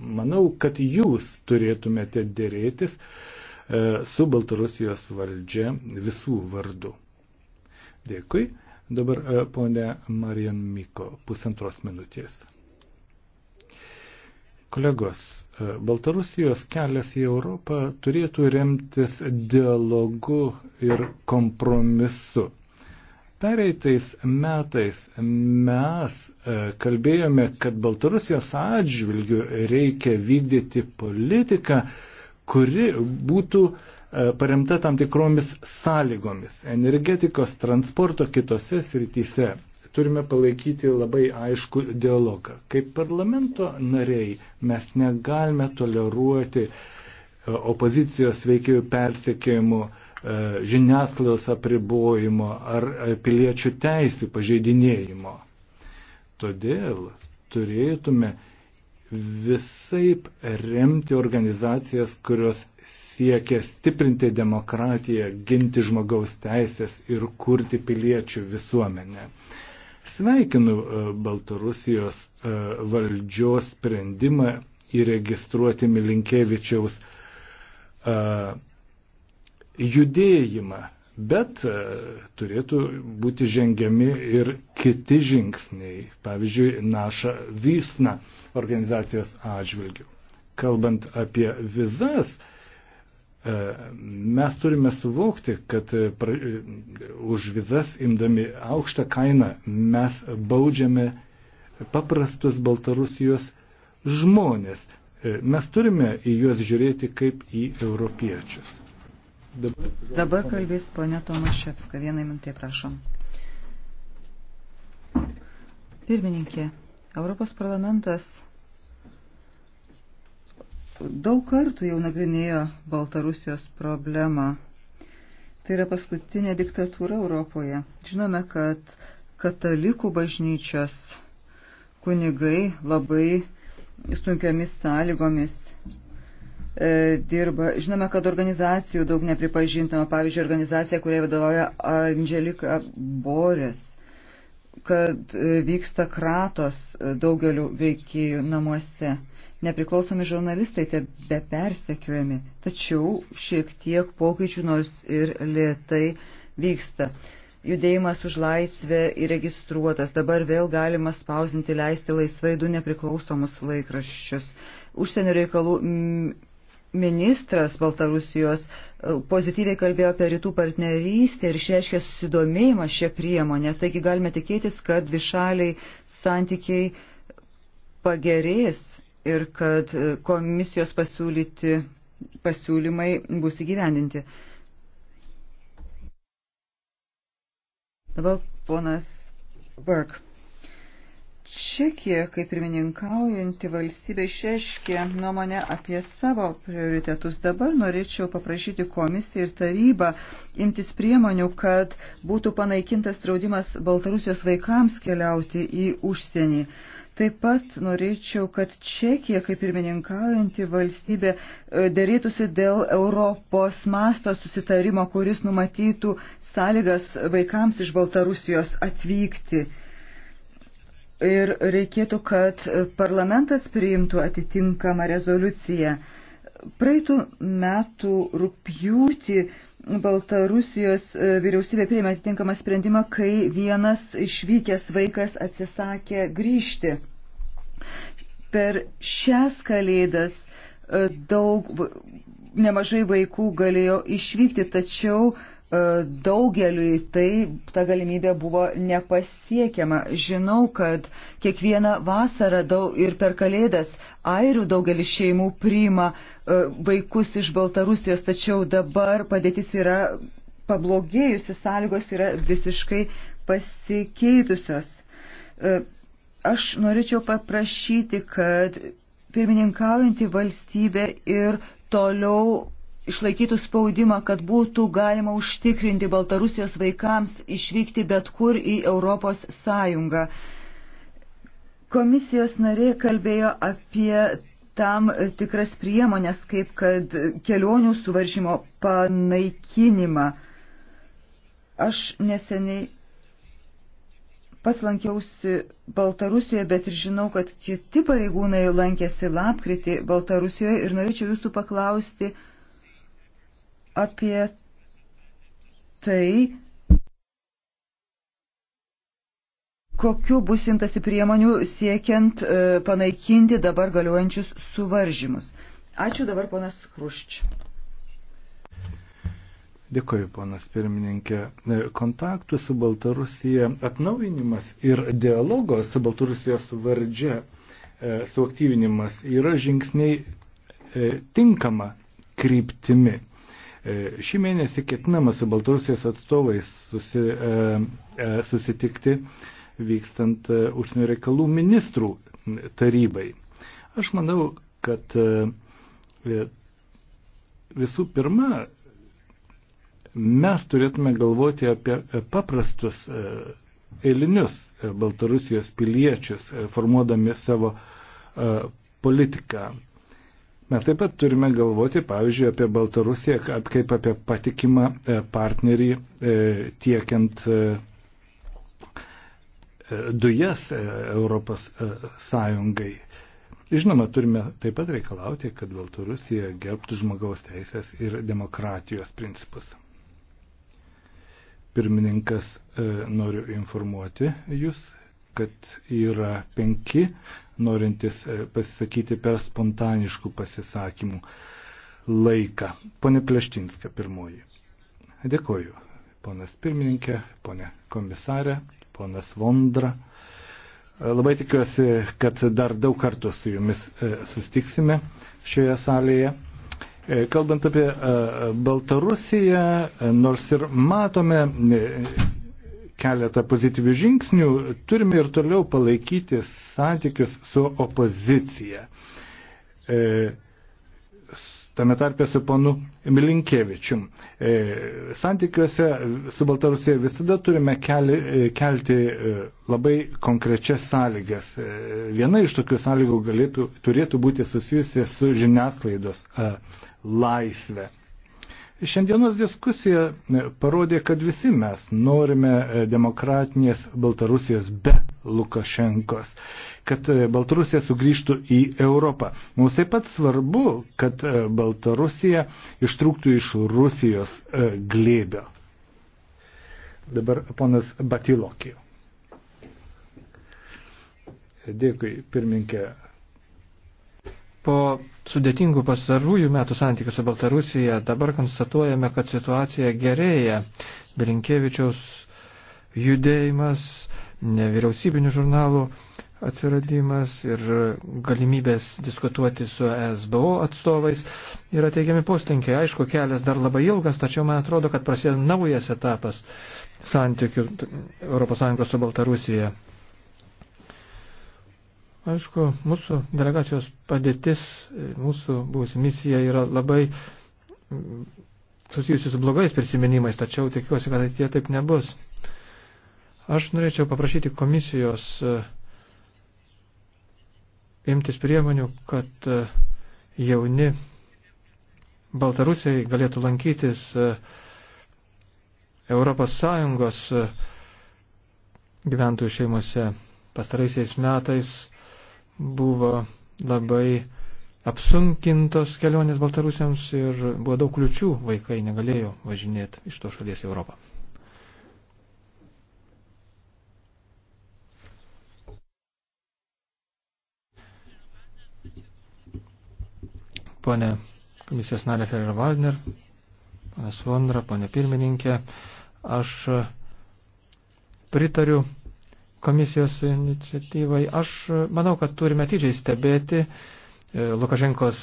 Manau, kad jūs turėtumėte dėrėtis su Baltarusijos valdžia visų vardu. Dėkui. Dabar e, ponė Marijan Miko, pusantros minutės. Kolegos, e, Baltarusijos kelias į Europą turėtų remtis dialogu ir kompromisu. Pereitais metais mes e, kalbėjome, kad Baltarusijos atžvilgių reikia vykdyti politiką, kuri būtų uh, E, paremta tam tikromis sąlygomis. Energetikos, transporto kitose srityse turime palaikyti labai aišku dialogą. Kaip parlamento nariai mes negalime toleruoti e, opozicijos veikėjų persiekėjimų, e, žiniasklaidos apribojimo ar piliečių teisų pažeidinėjimo. Todėl turėtume visaip remti organizacijas, kurios siekia stiprinti demokratiją, ginti žmogaus teisės ir kurti piliečių visuomenę. Sveikinu e, Baltarusijos e, valdžios sprendimą įregistruoti Milinkievičiaus e, judėjimą, bet turėtų būti žengiami ir kiti žingsniai, pavyzdžiui, naša vysna organizacijos atžvilgių. Kalbant apie vizas, E, mes turime suvokti, kad e, pra, e, už vizas imdami aukštą kainą mes baudžiame paprastus Baltarusijos žmonės. Mes turime į juos žiūrėti kaip į europiečius. Dabar, Dabar kalbės ponia Tomaševska. Vienai mintai prašom. Pirmininkė, Europos parlamentas daug kartų jau nagrinėjo Baltarusijos problemą. Tai yra paskutinė diktatūra Europoje. Žinome, kad katalikų bažnyčios kunigai labai sunkiamis sąlygomis e, dirba. Žinome, kad organizacijų daug nepripažintama, pavyzdžiui, organizacija, kuriai vadovauja Angelika Borės, kad e, vyksta kratos e, daugeliu veikėjų namuose. Nepriklausomi žurnalistai tebe persekiojami, tačiau šiek tiek pokyčių nors ir lėtai vyksta. Judėjimas už laisvę įregistruotas, dabar vėl galima spausinti leisti laisvai du nepriklausomus laikraščius. Užsienio reikalų ministras Baltarusijos e, pozityviai kalbėjo apie rytų partnerystę ir išreiškė susidomėjimą šią priemonę. Taigi galime tikėtis, kad višaliai santykiai pagerės ir kad komisijos pasiūlyti pasiūlymai bus įgyvendinti. Dabar ponas Burke. Čekija, kaip pirmininkaujanti valstybė, išreiškė nuomonę apie savo prioritetus. Dabar norėčiau paprašyti komisiją ir tarybą imtis priemonių, kad būtų panaikintas draudimas Baltarusijos vaikams keliauti į užsienį. Uh, Taip pat norėčiau, kad Čekija, kaip pirmininkaujanti valstybė, e, dėrėtųsi dėl Europos masto susitarimo, kuris numatytų sąlygas vaikams iš Baltarusijos atvykti. Ir reikėtų, kad parlamentas priimtų atitinkamą rezoliuciją. Praeitų metų rūpjūti Baltarusijos e, vyriausybė priėmė atitinkamą sprendimą, kai vienas išvykęs vaikas atsisakė grįžti. Per šias kalėdas e, daug, nemažai vaikų galėjo išvykti, tačiau e, daugeliui tai ta galimybė buvo nepasiekiama. Žinau, kad kiekvieną vasarą daug, ir per kalėdas airių daugelis šeimų priima e, vaikus iš Baltarusijos, tačiau dabar padėtis yra pablogėjusi, sąlygos yra visiškai pasikeitusios. Aš norėčiau paprašyti, kad pirmininkaujantį valstybę ir toliau išlaikytų spaudimą, kad būtų galima užtikrinti Baltarusijos vaikams išvykti bet kur į Europos Sąjungą. Komisijos narė kalbėjo apie tam tikras priemonės, kaip kad kelionių suvaržymo panaikinimą. Aš neseniai Pats lankiausi Baltarusijoje, bet ir žinau, kad kiti pareigūnai lankėsi lapkritį Baltarusijoje ir norėčiau jūsų paklausti apie tai, kokiu bus imtasi priemonių siekiant e, panaikinti dabar galiojančius suvaržymus. Ačiū dabar ponas Hrušč. Dėkoju, ponas pirmininkė. E, kontaktų su Baltarusija atnaujinimas ir dialogo su Baltarusijos valdžia e, suaktyvinimas yra žingsniai e, tinkama kryptimi. Šį mėnesį ketinama su Baltarusijos atstovais susi, susitikti vykstant užsienio reikalų ministrų tarybai. Aš manau, kad visų pirma Mes turėtume galvoti apie e, paprastus e, eilinius e, Baltarusijos piliečius, formuodami savo politiką. Mes taip pat turime galvoti, pavyzdžiui, apie Baltarusiją kaip apie patikimą partnerį tiekiant dujas Europos Sąjungai. Žinoma, turime taip pat reikalauti, kad Baltarusija gerbtų žmogaus teisės ir demokratijos principus. Pirmininkas e, noriu informuoti Jūs, kad yra penki norintys e, pasisakyti per spontaniškų pasisakymų laiką. Pone Pleštinska pirmoji. Dėkoju. Ponas pirmininkė, ponė komisarė, ponas Vondra. E, labai tikiuosi, kad dar daug kartų su jumis e, sustiksime šioje salėje. E, kalbant apie e, Baltarusiją, e, nors ir matome keletą pozityvių žingsnių, turime ir toliau palaikyti santykius su opozicija. Tame tarpe su ponu Milinkievičium. Santykiuose su Baltarusija visada turime keli, kelti labai konkrečias sąlygas. Viena iš tokių sąlygų galėtų, turėtų būti susijusi su žiniasklaidos laisvę. Šiandienos diskusija e, parodė, kad visi mes norime e, demokratinės Baltarusijos be Lukašenkos, kad e, Baltarusija sugrįžtų į Europą. Mums taip pat svarbu, kad Baltarusija ištrūktų iš Rusijos glėbio. Dabar ponas Batilokijų. Dėkui, pirminkė Po sudėtingų pastarųjų metų santykių su Baltarusija dabar konstatuojame, kad situacija gerėja. Belinkievičiaus judėjimas, nevyriausybinių žurnalų atsiradimas ir galimybės diskutuoti su SBO atstovais yra teigiami poslinkiai. Aišku, kelias dar labai ilgas, tačiau man atrodo, kad prasideda naujas etapas santykių ES su Baltarusija. Aišku, mūsų delegacijos padėtis, mūsų buvusi misija yra labai mm, susijusi su blogais prisiminimais, tačiau tikiuosi, kad ateitie taip nebus. Aš norėčiau paprašyti komisijos e, imtis priemonių, kad e, jauni Baltarusiai galėtų lankytis e, Europos Sąjungos gyventojų šeimose. Pastaraisiais metais buvo labai apsunkintos kelionės baltarusiams ir buvo daug kliučių, vaikai negalėjo važinėti iš to šalies į Europą. Pone komisijos narė Ferrer Wagner, panas Vondra, pane pirmininkė, aš pritariu komisijos iniciatyvai. Aš manau, kad turime atidžiai stebėti e, Lukašenkos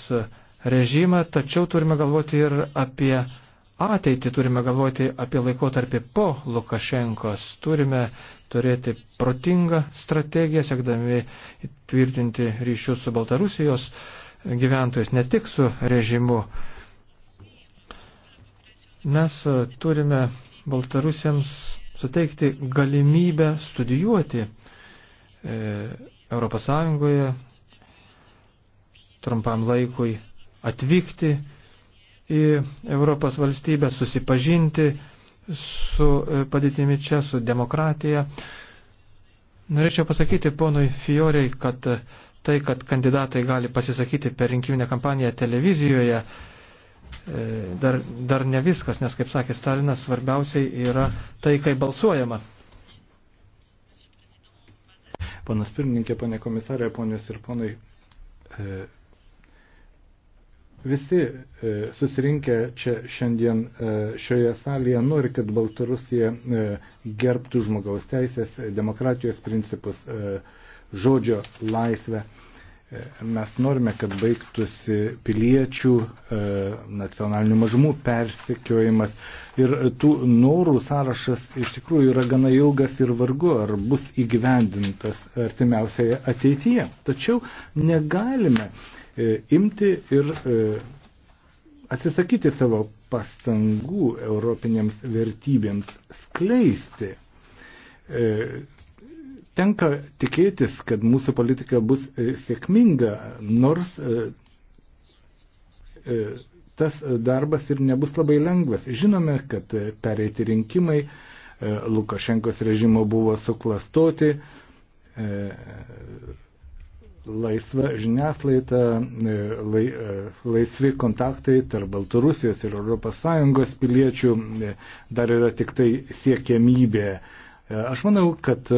režimą, tačiau turime galvoti ir apie ateitį, turime galvoti apie laikotarpį po Lukašenkos. Turime turėti protingą strategiją, siekdami tvirtinti ryšius su Baltarusijos gyventojais, ne tik su režimu. Mes turime Baltarusiems suteikti galimybę studijuoti e, Europos Sąjungoje, trumpam laikui atvykti į Europos valstybę, susipažinti su e, padėtimi čia, su demokratija. Norėčiau pasakyti ponui Fioriai, kad tai, kad kandidatai gali pasisakyti per rinkiminę kampaniją televizijoje, E, dar, dar ne viskas, nes, kaip sakė Stalinas, svarbiausiai yra tai, kai balsuojama. Panas pirmininkė, panė komisarė, ponios ir ponai, e, visi e, susirinkę čia šiandien šioje salėje nori, kad Baltarusija gerbtų žmogaus teisės, demokratijos principus, žodžio laisvę. Mes norime, kad baigtųsi piliečių e, nacionalinių mažumų persikiojimas. Ir tų norų sąrašas iš tikrųjų yra gana ilgas ir vargu, ar bus įgyvendintas artimiausioje ateityje. Tačiau negalime e, imti ir e, atsisakyti savo pastangų europinėms vertybėms skleisti Tenka tikėtis, kad mūsų politika bus e, sėkminga, nors e, e, tas darbas ir nebus labai lengvas. Žinome, kad pereiti rinkimai Lukašenkos režimo buvo suklastoti, laisva žiniaslaita, lai, laisvi kontaktai tarp Baltarusijos ir ES piliečių dar yra tik tai siekiamybė E, aš manau, kad e,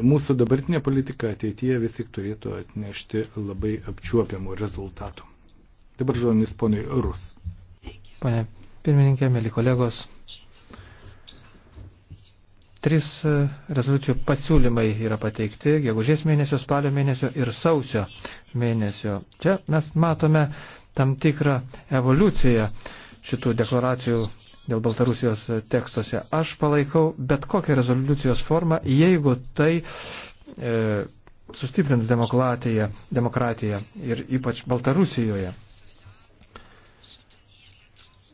mūsų dabartinė politika ateityje vis tik turėtų atnešti labai apčiuopiamų rezultatų. Dabar žodis ponui Rus. Pane pirmininkė, mėly kolegos, trys e, rezoliucijų pasiūlymai yra pateikti gegužės mėnesio, spalio mėnesio ir sausio mėnesio. Čia mes matome tam tikrą evoliuciją šitų deklaracijų dėl Baltarusijos tekstuose. Aš palaikau bet kokią rezoliucijos formą, jeigu tai e, sustiprins demokratiją, demokratiją ir ypač Baltarusijoje.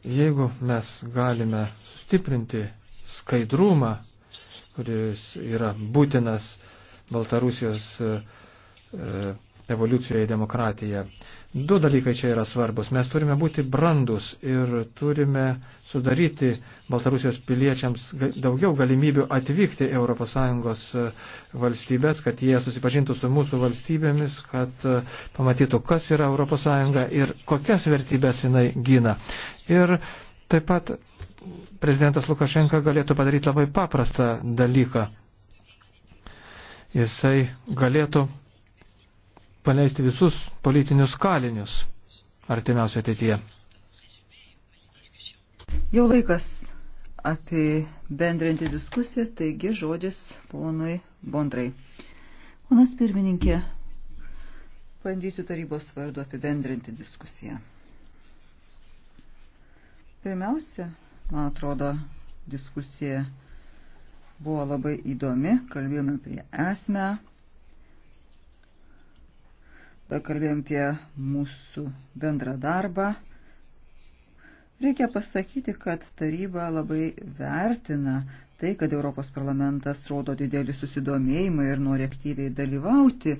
Jeigu mes galime sustiprinti skaidrumą, kuris yra būtinas Baltarusijos e, e evoliucijoje demokratija, e, Du dalykai čia yra svarbus. Mes turime būti brandus ir turime sudaryti Baltarusijos piliečiams daugiau galimybių atvykti ES e, valstybės, kad jie susipažintų su mūsų valstybėmis, kad e, pamatytų, kas yra ES ir kokias vertybės jinai gina. Ir taip pat prezidentas Lukašenka galėtų padaryti labai paprastą dalyką. Jisai galėtų paleisti visus politinius kalinius artimiausioje ateityje. Jau laikas apie bendrinti diskusiją, taigi žodis ponui Bondrai. Ponas pirmininkė, bandysiu tarybos vardu apibendrinti diskusiją. Pirmiausia, man atrodo, diskusija buvo labai įdomi, kalbėjome apie esmę, kalbėjom apie mūsų bendrą darbą. Reikia pasakyti, kad taryba labai vertina tai, kad Europos parlamentas rodo didelį susidomėjimą ir nori aktyviai dalyvauti,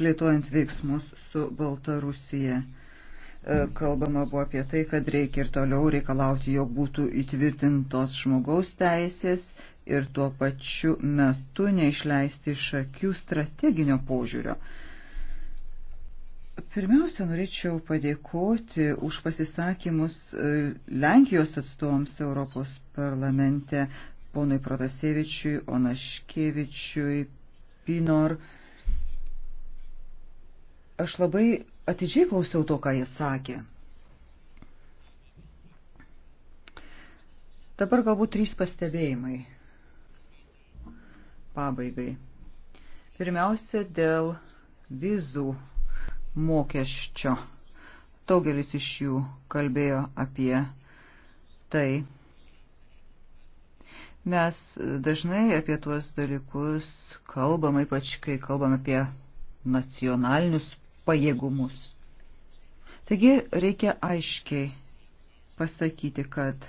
plėtojant veiksmus su Baltarusija. E, kalbama buvo apie tai, kad reikia ir toliau reikalauti, jog būtų įtvirtintos žmogaus teisės ir tuo pačiu metu neišleisti iš akių strateginio požiūrio. Pirmiausia, norėčiau padėkoti už pasisakymus e, Lenkijos atstovams Europos parlamente, ponui Protasevičiui, Onaškevičiui, Pinor. Aš labai atidžiai klausiau to, ką jie sakė. Dabar galbūt trys pastebėjimai. Pabaigai. Pirmiausia, dėl vizų mokesčio. Daugelis iš jų kalbėjo apie tai. Mes dažnai apie tuos dalykus kalbam, ypač kai kalbam apie nacionalinius pajėgumus. Taigi reikia aiškiai pasakyti, kad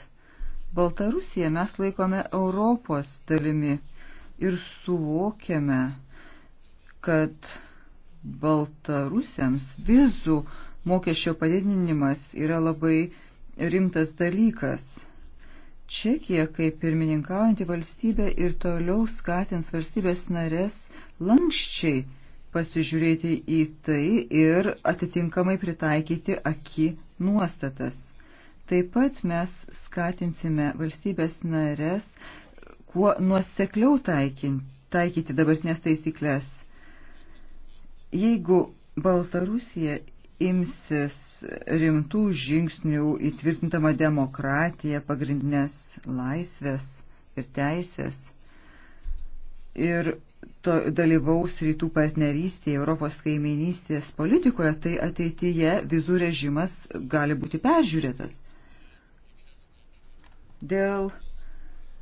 Baltarusiją mes laikome Europos dalimi ir suvokiame, kad Baltarusiams vizų mokesčio padidinimas yra labai rimtas dalykas. Čekija, kaip pirmininkaujanti valstybė, ir toliau skatins valstybės narės lankščiai pasižiūrėti į tai ir atitinkamai pritaikyti aki nuostatas. Taip pat mes skatinsime valstybės narės kuo nuosekliau taikyti dabartinės taisyklės Jeigu Baltarusija imsis rimtų žingsnių įtvirtintama demokratija, pagrindinės laisvės ir teisės ir to, dalyvaus rytų partnerystėje, Europos kaiminystės politikoje, tai ateityje vizų režimas gali būti peržiūrėtas. Dėl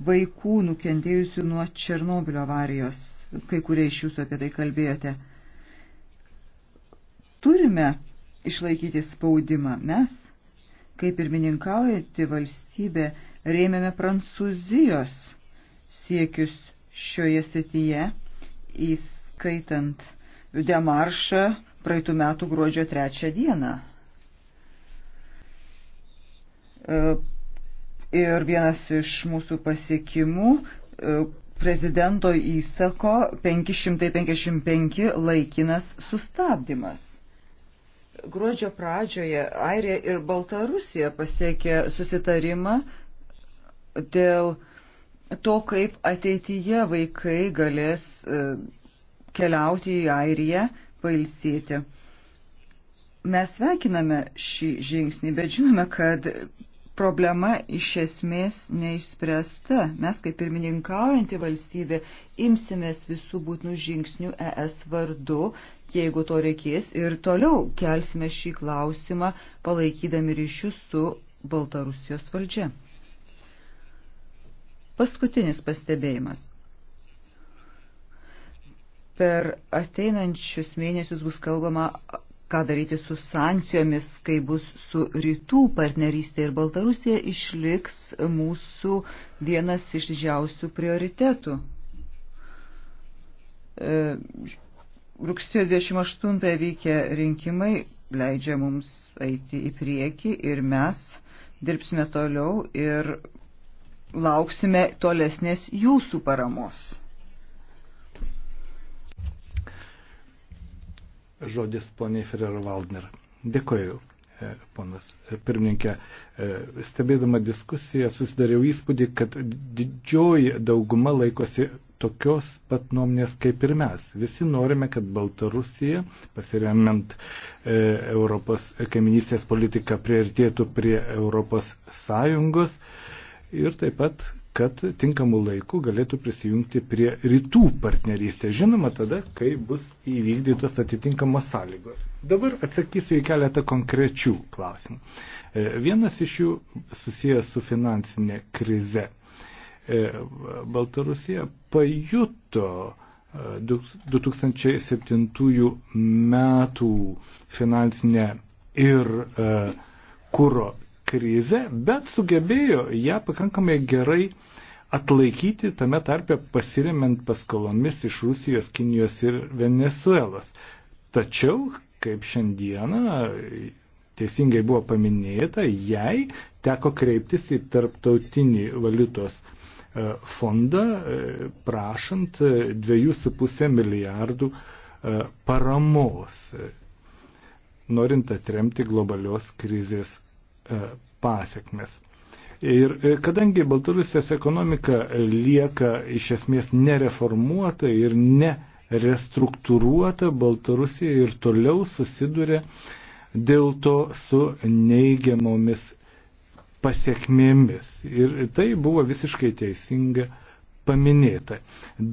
vaikų nukentėjusių nuo Černobilio avarijos, kai kurie iš jūsų apie tai kalbėjote turime išlaikyti spaudimą. Mes, kaip pirmininkaujantį valstybę, rėmėme Prancūzijos siekius šioje srityje, įskaitant demaršą praeitų metų gruodžio trečią dieną. E, ir vienas iš mūsų pasiekimų e, prezidento įsako 555 laikinas sustabdymas. Gruodžio pradžioje Airija ir Baltarusija pasiekė susitarimą dėl to, kaip ateityje vaikai galės e, keliauti į Airiją pailsėti. Mes sveikiname šį žingsnį, bet žinome, kad problema iš esmės neišspręsta. Mes kaip pirmininkaujanti valstybė imsimės visų būtinų žingsnių ES vardu, jeigu to reikės, ir toliau kelsime šį klausimą, palaikydami ryšius su Baltarusijos valdžia. Paskutinis pastebėjimas. Per ateinančius mėnesius bus kalbama, ką daryti su sankcijomis, kai bus su rytų partnerystė ir Baltarusija išliks mūsų vienas iš didžiausių prioritetų e, Rugsėjo 28 vykę rinkimai leidžia mums eiti į priekį ir mes dirbsime toliau ir lauksime tolesnės jūsų paramos. Žodis poniai Ferrer Waldner. Dėkoju, e, ponas e, pirmininkė. E, stebėdama diskusiją susidariau įspūdį, kad didžioji dauguma laikosi tokios pat nuomonės kaip ir mes. Visi norime, kad Baltarusija, pasiremiant e, Europos kaiminystės politiką, prieartėtų prie Europos Sąjungos ir taip pat, kad tinkamų laikų galėtų prisijungti prie rytų partnerystės. Žinoma, tada, kai bus įvykdytos atitinkamos sąlygos. Dabar atsakysiu į keletą konkrečių klausimų. E, vienas iš jų susijęs su finansinė krize. E, Baltarusija pajuto 2007 e, metų finansinę ir e, kūro krizę, bet sugebėjo ją pakankamai gerai atlaikyti tame tarpe pasiremiant paskolomis iš Rusijos, Kinijos ir Venezuelos. Tačiau, kaip šiandieną teisingai buvo paminėta, jai teko kreiptis į tarptautinį valiutos E, fondą, e, prašant 2,5 e, milijardų paramos, norint atremti globalios krizės pasiekmes. Ir kadangi Baltarusijos ekonomika lieka iš esmės nereformuota ir nerestruktūruota, Baltarusija ir toliau susiduria dėl to su neigiamomis pasiekmėmis. Ir tai buvo visiškai teisinga paminėta.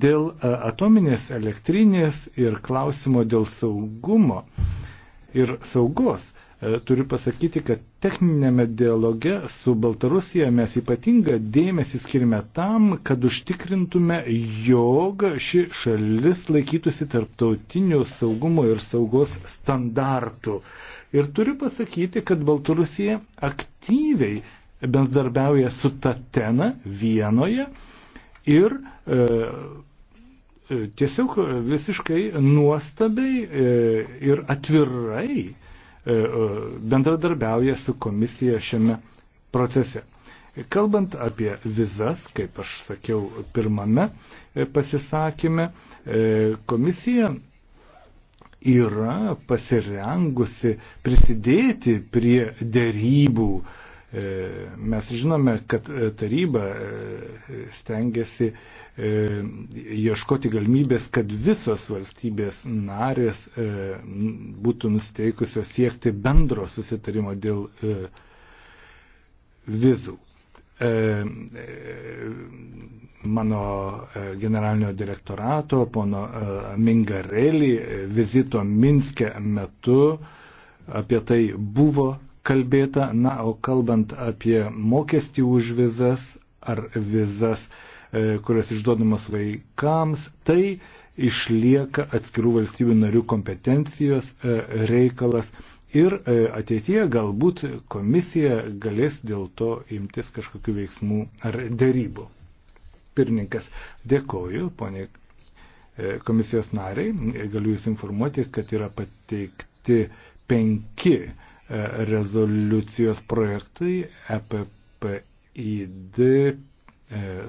Dėl e, atominės elektrinės ir klausimo dėl saugumo ir saugos e, turiu pasakyti, kad techninėme dialoge su Baltarusija mes ypatingą dėmesį skirime tam, kad užtikrintume, jog ši šalis laikytųsi tarptautinių saugumo ir saugos standartų. Ir turiu pasakyti, kad Baltarusija aktyviai bendarbiauja su Tatena Vienoje ir e, e, tiesiog visiškai nuostabiai e, ir atvirai e, e, bendradarbiauja su komisija šiame procese. Kalbant apie vizas, kaip aš sakiau pirmame e, pasisakyme, komisija yra pasirengusi prisidėti prie dėrybų E, mes žinome, kad e, taryba e, stengiasi ieškoti galimybės, kad visos valstybės narės būtų nusteikusios siekti bendro susitarimo dėl vizų mano generalinio direktorato, pono Mingarelį, vizito Minske metu apie tai buvo kalbėta. Na, o kalbant apie mokestį už vizas ar vizas, e, kurios išduodamas vaikams, tai išlieka atskirų valstybių narių kompetencijos e, reikalas ir e, ateityje galbūt komisija galės dėl to imtis kažkokių veiksmų ar dėrybų. Pirmininkas, dėkoju, ponė komisijos nariai, galiu Jūs informuoti, kad yra pateikti penki rezoliucijos projektui EPPID, e,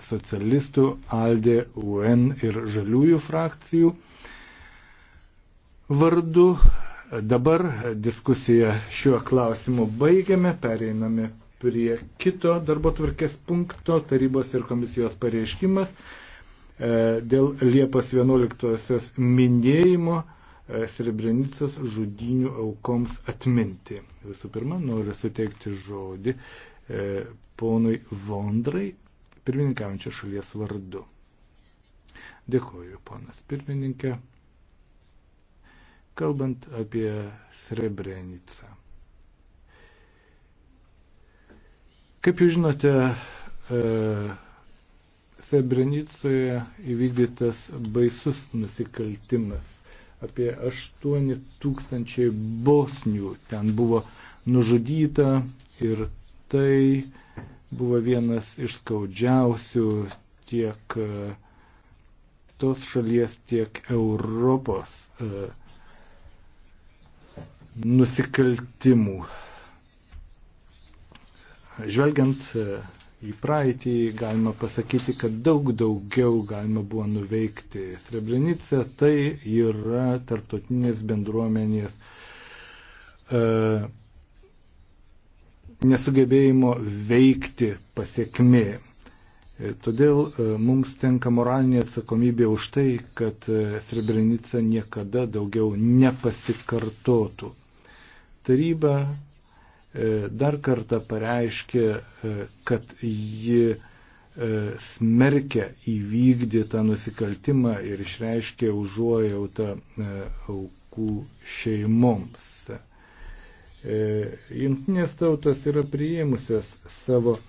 socialistų, ALDE, UN ir žaliųjų frakcijų vardu. Dabar diskusiją šiuo klausimu baigiame, pereiname prie kito darbo tvarkės punkto tarybos ir komisijos pareiškimas e, dėl Liepos 11 minėjimo E, Srebrenicos žudynių aukoms atminti. Visų pirma, noriu suteikti žodį e, ponui Vondrai, pirmininkaujančio šalies vardu. Dėkoju, ponas pirmininkė. Kalbant apie Srebrenicą. Kaip jūs žinote, e, Srebrenicoje įvykdytas baisus nusikaltimas. Apie 8 tūkstančiai bosnių ten buvo nužudyta ir tai buvo vienas iš skaudžiausių tiek e, tos šalies, tiek Europos e, nusikaltimų. Žvelgiant e, į praeitį, galima pasakyti, kad daug daugiau galima buvo nuveikti. Srebrenica tai yra tarptautinės bendruomenės e, nesugebėjimo veikti pasiekmė. E, todėl e, mums tenka moralinė atsakomybė už tai, kad e, Srebrenica niekada daugiau nepasikartotų. Taryba E, dar kartą pareiškė, e, kad ji e, smerkia įvykdytą nusikaltimą ir išreiškė užuojautą aukų šeimoms. Jungtinės tautos yra priėmusios savo